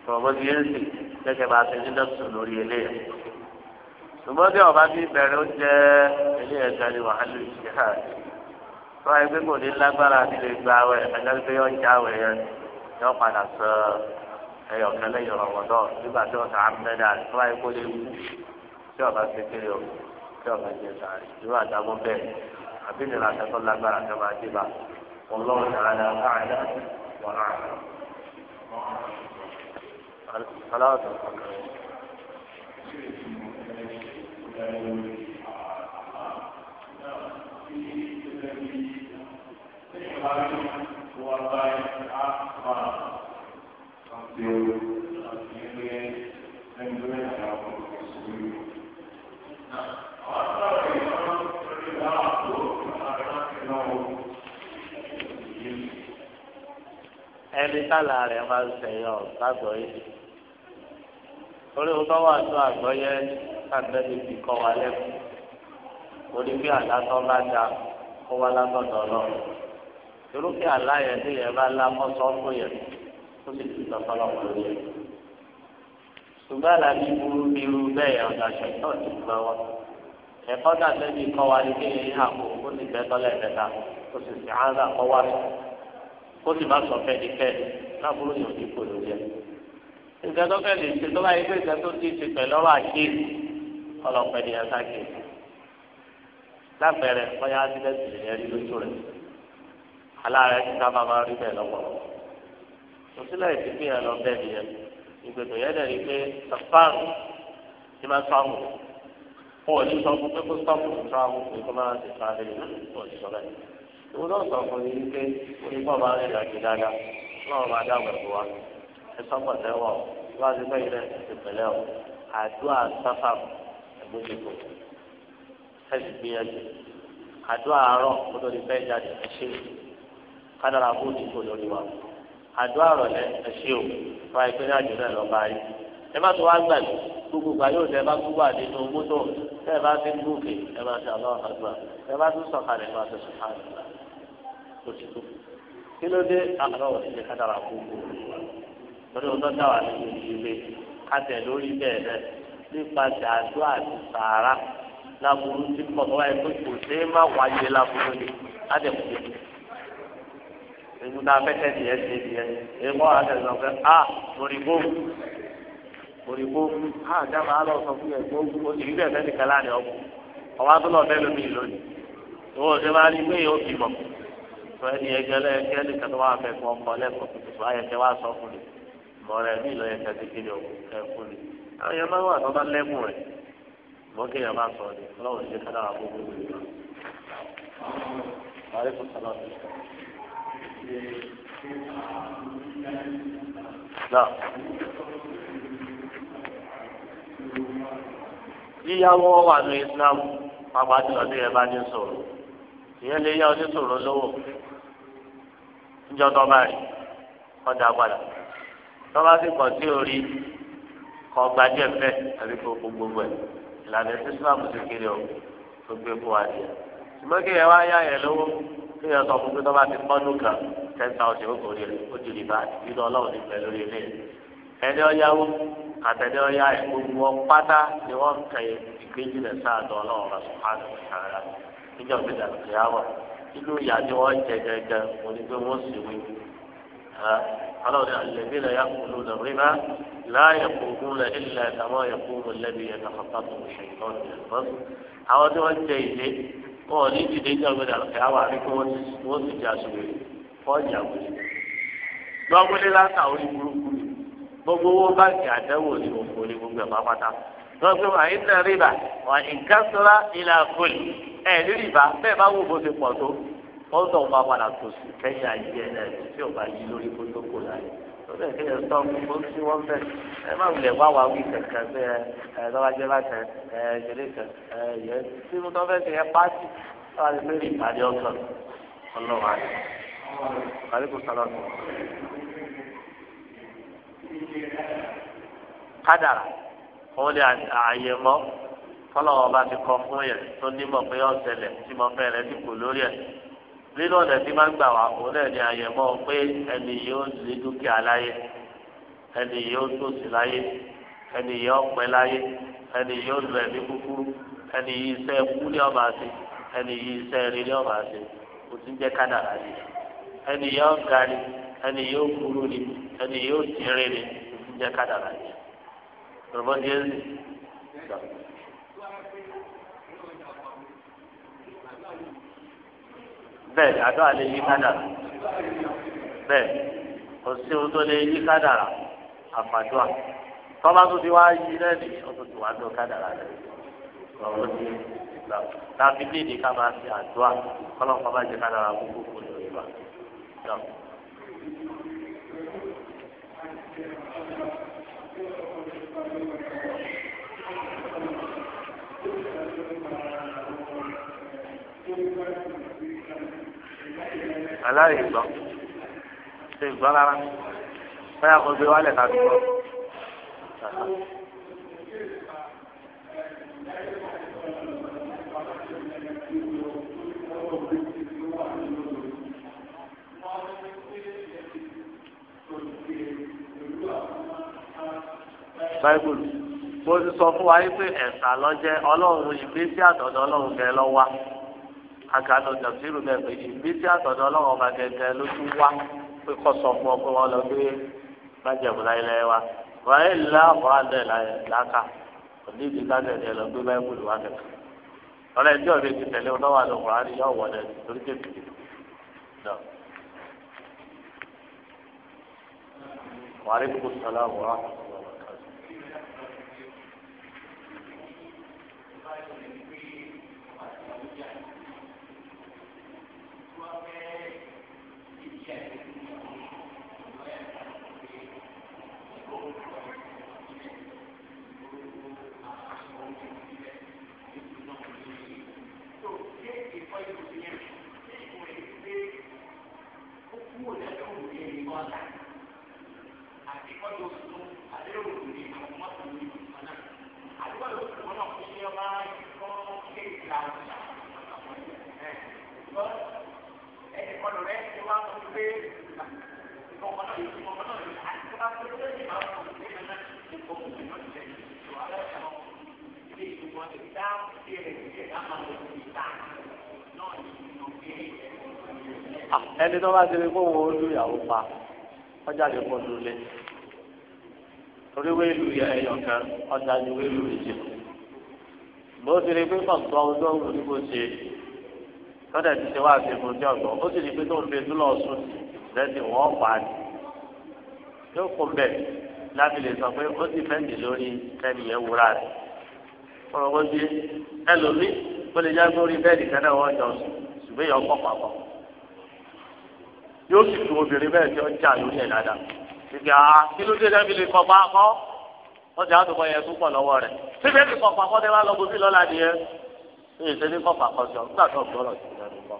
Speaker 1: tọ̀bọ̀ ti yẹn sì gẹ́gẹ́ bá a ti ní dọ́kítọ̀ lórí eléyà ṣùgbọ́n bí ọba bí bẹ̀rẹ̀ oúnjẹ eléyà gani wàhálà ìṣe hàn tó ayé pé kò ní lágbára ti lè gba awẹ ẹgbẹ́ pé yọ já awẹ yẹn yọ padà sọ ẹyọkẹlẹ yọrọ wọdọ nígbà tí wọn sàn án tí ọba ṣe kéré o tí ọba ṣe sáré irú àdámọ́ bẹ́ẹ̀ àbí nira àtẹ́kọ́ lágbára tó máa dé bá wọn lọ́wọ́ sàrádà káàdà
Speaker 2: wọn rà. aláwọ̀ Thank you
Speaker 1: ẹni tálà rẹ̀ máa ń sẹ̀yọ̀ lágbọ̀ yìí torí o tọ́wọ́ àtọ àgbọ́yé káàkiri ti kọ́ wa lẹ́kọ̀ọ́ orí bí àlátọ́ bá da kó wa látọ̀dọ̀ lọ irúfẹ́ àlá yẹn tí yẹn bá lá mọ́sọ́ fún yẹn ó sì ti sọ fọlọ́pọ̀ lórí yẹn ṣùgbọ́n àlàyé burú bí irú bẹ́ẹ̀ ọ̀gá ṣẹ̀tọ́ ti gbọ́ wọn. ẹ̀kọ́ dàbẹ́ bíi kọ́ wa ní kí ni àpò ó sì bẹ́ tọ́lẹ̀ mẹ́ta ó sì sì áńgà kọ́ wa sọ ó sì má sọ fẹ́ni fẹ́ni láburú yóò ti kò lórí ẹ̀. ìgbẹ́tọ́fẹ́ lè ṣe tó báyìí pé ìgbẹ́tọ́ ti ṣe pẹ̀lú ọ̀rọ̀ àkíyèsí ọlọ́pẹ́ ni ẹ̀ka kìí lápẹẹrẹ bóyá ásídẹ́ǹtì lè ìgbètò yẹn dẹ̀ rí pé sàfáàrù ti máa sọ́ọ̀mù fún òní sọ fún pé kó sọ́ọ̀mù fún sọ́ọ̀mù fún kó máa ti sáré fún òní sọ bẹ́ẹ̀. ìwọ́n náà sọ fún yín pé onígbọ́ máa rìn àjò dáadáa náà máa dáwọ̀ ẹ̀kọ́ wa ẹ sọ́pọ̀ tẹ́wọ̀ wá sí bẹ́ẹ̀ rẹ̀ ti pẹ̀lẹ́ o àdúrà sáfàmù ẹ̀gbọ́dẹ̀kọ̀ ẹ sì gbìyànjú àdúrà àárọ̀ kó tó di fẹ́ jáde ẹ kádàrà bó ti kò lórí wa. àdó àrọ̀lẹ́ ẹ̀ṣẹ́ o fún àìpé ní àjò náà lọ́ba yìí. ẹ má tó wá gbà mí gbogbo gbà yóò lẹ́ bá gbogbo àdínú ẹ bá fi ń ẹ ṣe àlọ́ àgbà ẹ bá tún sọ̀kalẹ̀ sọ̀kalẹ̀ tó ti tó. kí ló dé àlọ́ òṣìṣẹ́ kádàrà kú lórí ní egun náà fẹ́tẹ̀ tiẹ̀ ṣe tiẹ̀ èèmọ́ àtẹ̀sọ̀ fẹ́ a ah, orí bó orí bó a ah, dábàá á lọ sọ fún yẹn gbó o sì rí bẹ́ẹ̀ fẹ́ nìkan láàrin ọkọ̀ ọwọ́ àtúntò ọ̀bẹ lómi lónìí ìwọ ṣe máa rí pé yóò bímọ sọ ẹni ẹgbẹ́ lẹ́yìn nìkan tó wà fẹ́ fún ọkọ̀ lẹ́kọ̀ọ́ tó ayẹkẹ́ wá sọ fún mi mọ̀rẹ́ mi lọ yẹn kẹ́tí kiri ọkọ̀ fún mi àwọn yẹn
Speaker 2: máa náà
Speaker 1: yíyáwó wà ní Islam pàápàá jùlọ tí ẹ bá ní sọ̀rọ̀ ìyẹn lè yá oníṣòro lówó níjọ́ tó bá rí ọjà padà tó bá sì pọ̀ sí orí kọ́ gbajú ẹ̀fẹ́ àbí kò gbogbo ẹ̀ ìlànà Islam ti kiri o gbogbo epo adìẹ ṣùgbọ́n kí ẹ wá yá yẹn lówó kí ẹ sọ fún pé tọ́ba ti pọ́dún kan ten thousand ó kò rí rẹ̀ ó ti rí bá ìdílé ọlọ́run ní pẹ̀lú rí rẹ̀ ẹni ọ̀yáwó àtẹ̀lé ọ̀yá ẹ̀ gbogbo wọn pátá ni wọ́n ń kẹ ìkejì rẹ̀ sáàdọ̀ ọlọ́run rẹ̀ sùpáàdù ìṣàrà níjọ pé dàbí àwọ̀ inú ìyá ni wọ́n jẹ gẹ́gẹ́ mo ní pé wọ́n sì wí ọlọ́run àlẹ́bí rẹ̀ yàkùnrin lọ rí bá láàyè kúrú wọn ò ní dìde ní ọgbẹ́dà lọ́kẹ́ àwọn àríkú wọn wọ́n sì jà sùn lórí fọ́ọ̀jì àgbèrè. lọ́gbẹ́lẹ́ láta orí burúkú ni gbogbo owó báńkì àdẹ́wò ni òfò ni gbogbo ẹ̀ pápátá. lọ́gbẹ́ wọn àyín náà rìbà wọn ìkásọ́lá ilẹ̀ àfọlì ẹ̀ ní rìbà bẹ́ẹ̀ bá wò bó ti pọ̀ tó wọ́n sọ̀ wọn bá padà tòṣì kẹ́yìn àyè ẹ̀ lórí ẹ̀kẹ́ yẹn sọ gbogbo sí wọ́n bẹ̀ ẹ má wulẹ̀ wá wá wí kankan bí ẹ ẹ lọ́wọ́jẹ́ ẹ jẹ́lẹ̀ kan ẹ yẹ tí mo tọ́ fẹ́ ẹ pàṣẹ wọ́n lè lórí ìpàdé ọ̀sán ọlọ́wà rẹ̀ kàlíkù sálọ́ọ̀tù. kádàrà òun ni àyè mọ́ fọlọ́wọ́ bá ti kọ fún yẹn tó nímọ̀ pé ọ̀sẹ̀ tí mo fẹ́ rẹ̀ ti kù lórí ẹ̀ nínú ọ̀nà tí máa ń gbà wá òun náà ni àyẹ̀mọ́ pé ẹni yóò lé dúkìá láyé ẹni yóò tòṣì láyé ẹni yóò pẹ́ láyé ẹni yóò lu ẹ̀mí kúkúrú ẹni yìí iṣẹ́ kú ní ọ̀bà sí ẹni yìí iṣẹ́ rí ní ọ̀bà sí o ti ń jẹ́ kádàrá ni ẹni yóò ga ni ẹni yóò kúrú ni ẹni yóò tìrín ni o ti jẹ́ kádàrá ni.
Speaker 2: bẹ́ẹ̀ àdúrà lè yí kádàrà bẹ́ẹ̀
Speaker 1: kò sí tó lè yí kádàrà àfàdúrà tọ́lá tó ti wá yí lẹ́nu ó tó ti wá lọ kádàrà rẹ̀ lọ́wọ́ ní láti ní ká máa bá gbogbo kò lè aláàyè gbọ́ ṣe gbọ́ rárá báyà kó gbé wálẹ̀ ká gbọ́.
Speaker 2: báíbùlù mo ti sọ fún wa yìí pé
Speaker 1: ẹ̀sà ọlọ́run ìgbésí àtọ̀dọ̀ ọlọ́run akalo tafsiru bẹ́ẹ̀ pé ìgbésí àtọ̀dọ̀ ọlọ́run ọba gẹ́gẹ́ ló wá pé kọ́ sọ fún ọ pé wọ́n lọ gbé májẹ̀mú láyé wa wàá ilá ọ̀rádẹ́ làákà òní ìdí kájẹ̀ lọ gbé báyìí wá ọ̀rẹ́ ẹjọ́ mi ti tẹ̀lé wọn lọ́wọ́ torí Thank you.
Speaker 2: wọ́n fẹ́ ìjẹ́ ẹni tó bá
Speaker 1: ti rí kóhùn olùyàwó pa ọjà lè pọ̀ lulẹ̀
Speaker 2: torí wéèlú ẹyọ kan
Speaker 1: ọjà ni wéèlú ìjì bó ti rí pé kọ̀ǹtọ́ ọjọ́ òru ni kò ṣe tọ́jà ti ṣe wá sí ìfúnjẹ ọ̀gbọ́n ó sì rí pé tó ń fi dúlọ̀ sùn lẹ́sìn wọ́n pa á ní yóò kó láti lè sọ pé ó ti fẹ́ǹdì lórí ẹnìyẹn wúra rẹ̀ ọ̀rọ̀ bó ti ẹlòmíì ó lè já gbórí bẹ́ẹ̀dì kan ṣùgbọ́n èèyàn pàpọ̀ yóò sì tu obìnrin bẹ́ẹ̀ tí ó ń jà lórí ẹ̀ dáadáa ìgbà kí ló dé lẹ́bi lè kọ́ pa kọ́ wọ́n ti àtúkọ̀ yẹn tó pọ̀ lọ́wọ́ rẹ̀ síbẹ̀ ti kọ̀ pàkọ́ tẹ́ bá lọ bóbí lọ́la ni ẹ ní kọ̀ pàkọ́ jọ nígbà tó gbọ́rọ̀ sí ìgbà kọ́.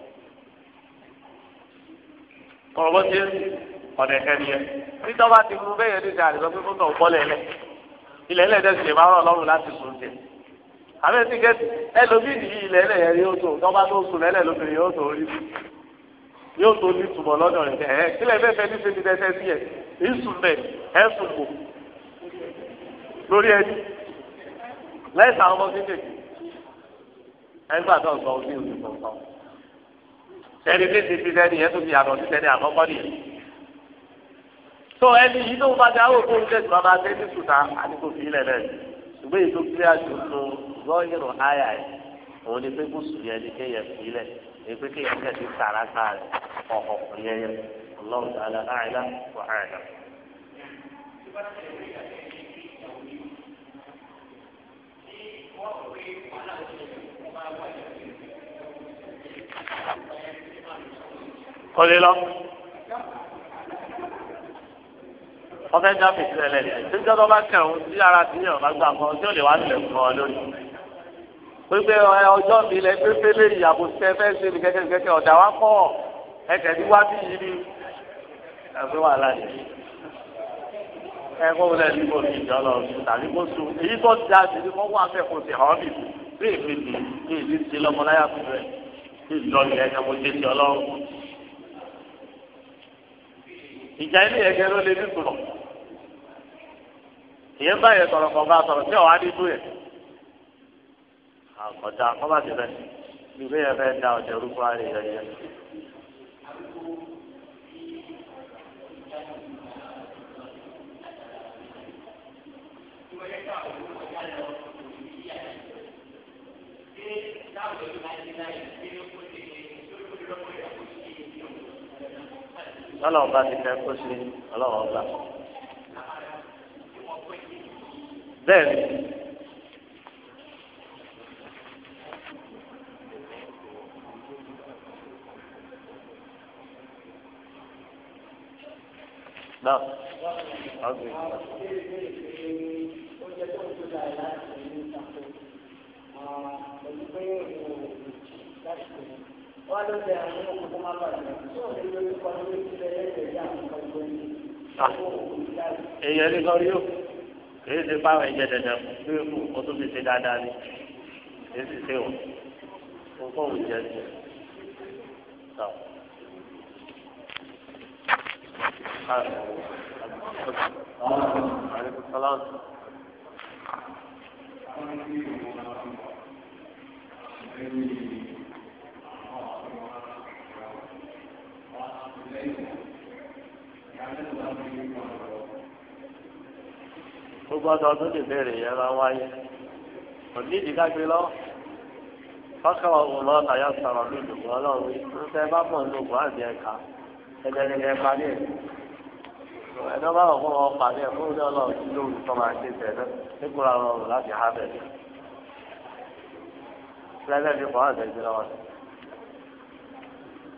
Speaker 1: ọ̀rọ̀ ti ọ̀nà ni ẹ títọ́ bá ti mú bẹ́yẹn ní ìdàrí pé kó náà bọ́lẹ̀ lẹ̀ ilẹ̀ ilẹ̀ yóò tó ní ìtumọ̀ lọ́dọ̀ rẹ̀ ẹ̀ kílẹ̀ bẹ́ẹ̀ fẹ́ ní sẹ́ni tẹ́tẹ́ sí ẹ̀ ìsùn bẹ̀ ẹ̀ sùn kù lórí ẹni lẹ́sà ọmọ kékeré ẹgbẹ́ àti ọ̀gbọ́n òní òní gbọ̀ngàn sẹ́ni bí ti fi sẹ́ni yẹn tó fi àtọ̀ sí sẹ́ni àkọ́kọ́ nìyẹn tó ẹni yìí tó ń padà áwò fún oúnjẹ tó máa tẹ́ ní sùtà àdìgbò fi ilẹ̀ náà ṣùgbọ́n èyí tó kílẹ̀ àjò tó gbọ́ èpè kí yẹn kẹsì sàrà sàrẹ ọkọ yẹyẹ ọlọ́run sàlẹ àìlá wà àìlá.
Speaker 2: kọ́lé lọ ọfẹ jáfe sílẹ̀ lẹ́yìn tí jọdọ
Speaker 1: bá kẹrùn sí ara tí yẹn ọba gbà kan tí ó lè wá sílẹ̀ fún ọ lórí pépé ọjọ́ mi lẹ pépé lè yàgò sẹ fẹ́ ṣe mi kẹ́kẹ́ kẹ́kẹ́ ọ̀dà wa kọ́ ẹ̀kẹ́ ní wá bí yìí ni ẹ̀fẹ́ wà láyé ẹ̀kọ́ wọlé ní kò ní ìjọ lọ tàbí kó sùn èyí tó ti a sì ní kó wà fẹ́ kó sì hàn mí bí èmi nì bí èmi ti lọ́mọláyà fún rẹ̀ bí ìjọ ni ẹ̀kẹ́ mo jẹ́ ti ọlọ́run. ìjà ilé ẹ̀kẹ́ ló lé ní sọ̀rọ̀ ìyẹn báyẹn sọ̀rọ̀ kọ̀ọ̀ àkọ́dá kọ́bà ti bẹ̀ ìwé yẹn fẹ́
Speaker 2: da ọ̀dẹ̀ orúkọ àrè yẹn yẹn. lọ́lọ́wọ́ bá ti fẹ́ kó sí ọlọ́wọ́ gbà. bẹ́ẹ̀ ni. náà ọ̀gbìn. wọ́n ló bẹ̀rẹ̀ àwọn ọmọ ẹ̀jẹ̀ yá àwọn o èyí
Speaker 1: o tún fi ṣe dáadáa ni èyí ti ṣe o kókó òun jẹ́ ti. gbogbo ọdọ ọdún lè bẹ̀rẹ̀ yẹn máa wáyé òní ìdíkágbé lọ fọkànlá ọmọ àyà sọ̀rọ̀ lójú ọlọ́run ní sẹ bá bọ ní ogun àti ẹ̀ka ẹgbẹrún ẹgbẹrún parí ẹ ẹ̀dọ́ bá wọ̀ fún ọ pàdé ẹ̀ fún ọlọ́ lóru tó máa ṣe tẹ̀lé nígbà rọrùn láti há bẹ̀. lẹ́lẹ́ fi kọ́ àgbẹ̀ gbé lọ́wọ́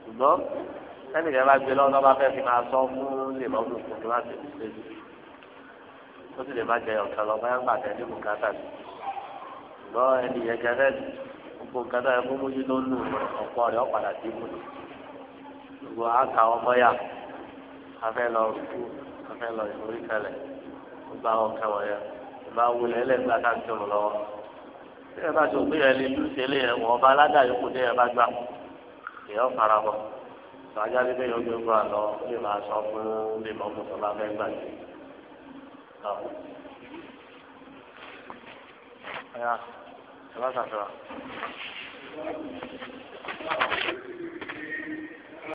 Speaker 1: ṣùgbọ́n ẹnì kan bá gbé lọ́wọ́ lọ́ba fẹ́ fi máa sọ fún lè mọ́ fún fún láti fi ṣe jù ó sì lè má jẹ ọ̀kan lọ báyà gbà tẹ̀lé kù kátà sí ṣùgbọ́n ẹnì yẹn jẹ lẹ́nu gbogbo nǹkan tó mójú ló ń lù kẹ́ lọ ìforí kalẹ̀ ìgbà ọ̀kẹ́ wọ̀nyẹ ìgbà wulẹ̀ ẹlẹ́gbẹ́ akáǹtìrù lọ́wọ́ tí ẹ bá tó gbé yẹn lé lùsẹ̀ lé yẹn wọ́n ọba aládàá yòókù dé yẹn bá gbà èèyàn fara bọ̀ sàájá bíbẹ́ yóò gbé gbọ́ àlọ́ ó lè sọ fún lè mọ́ mọ́tò bá fẹ́ gbà sí.
Speaker 2: ẹ bá sàfihàn.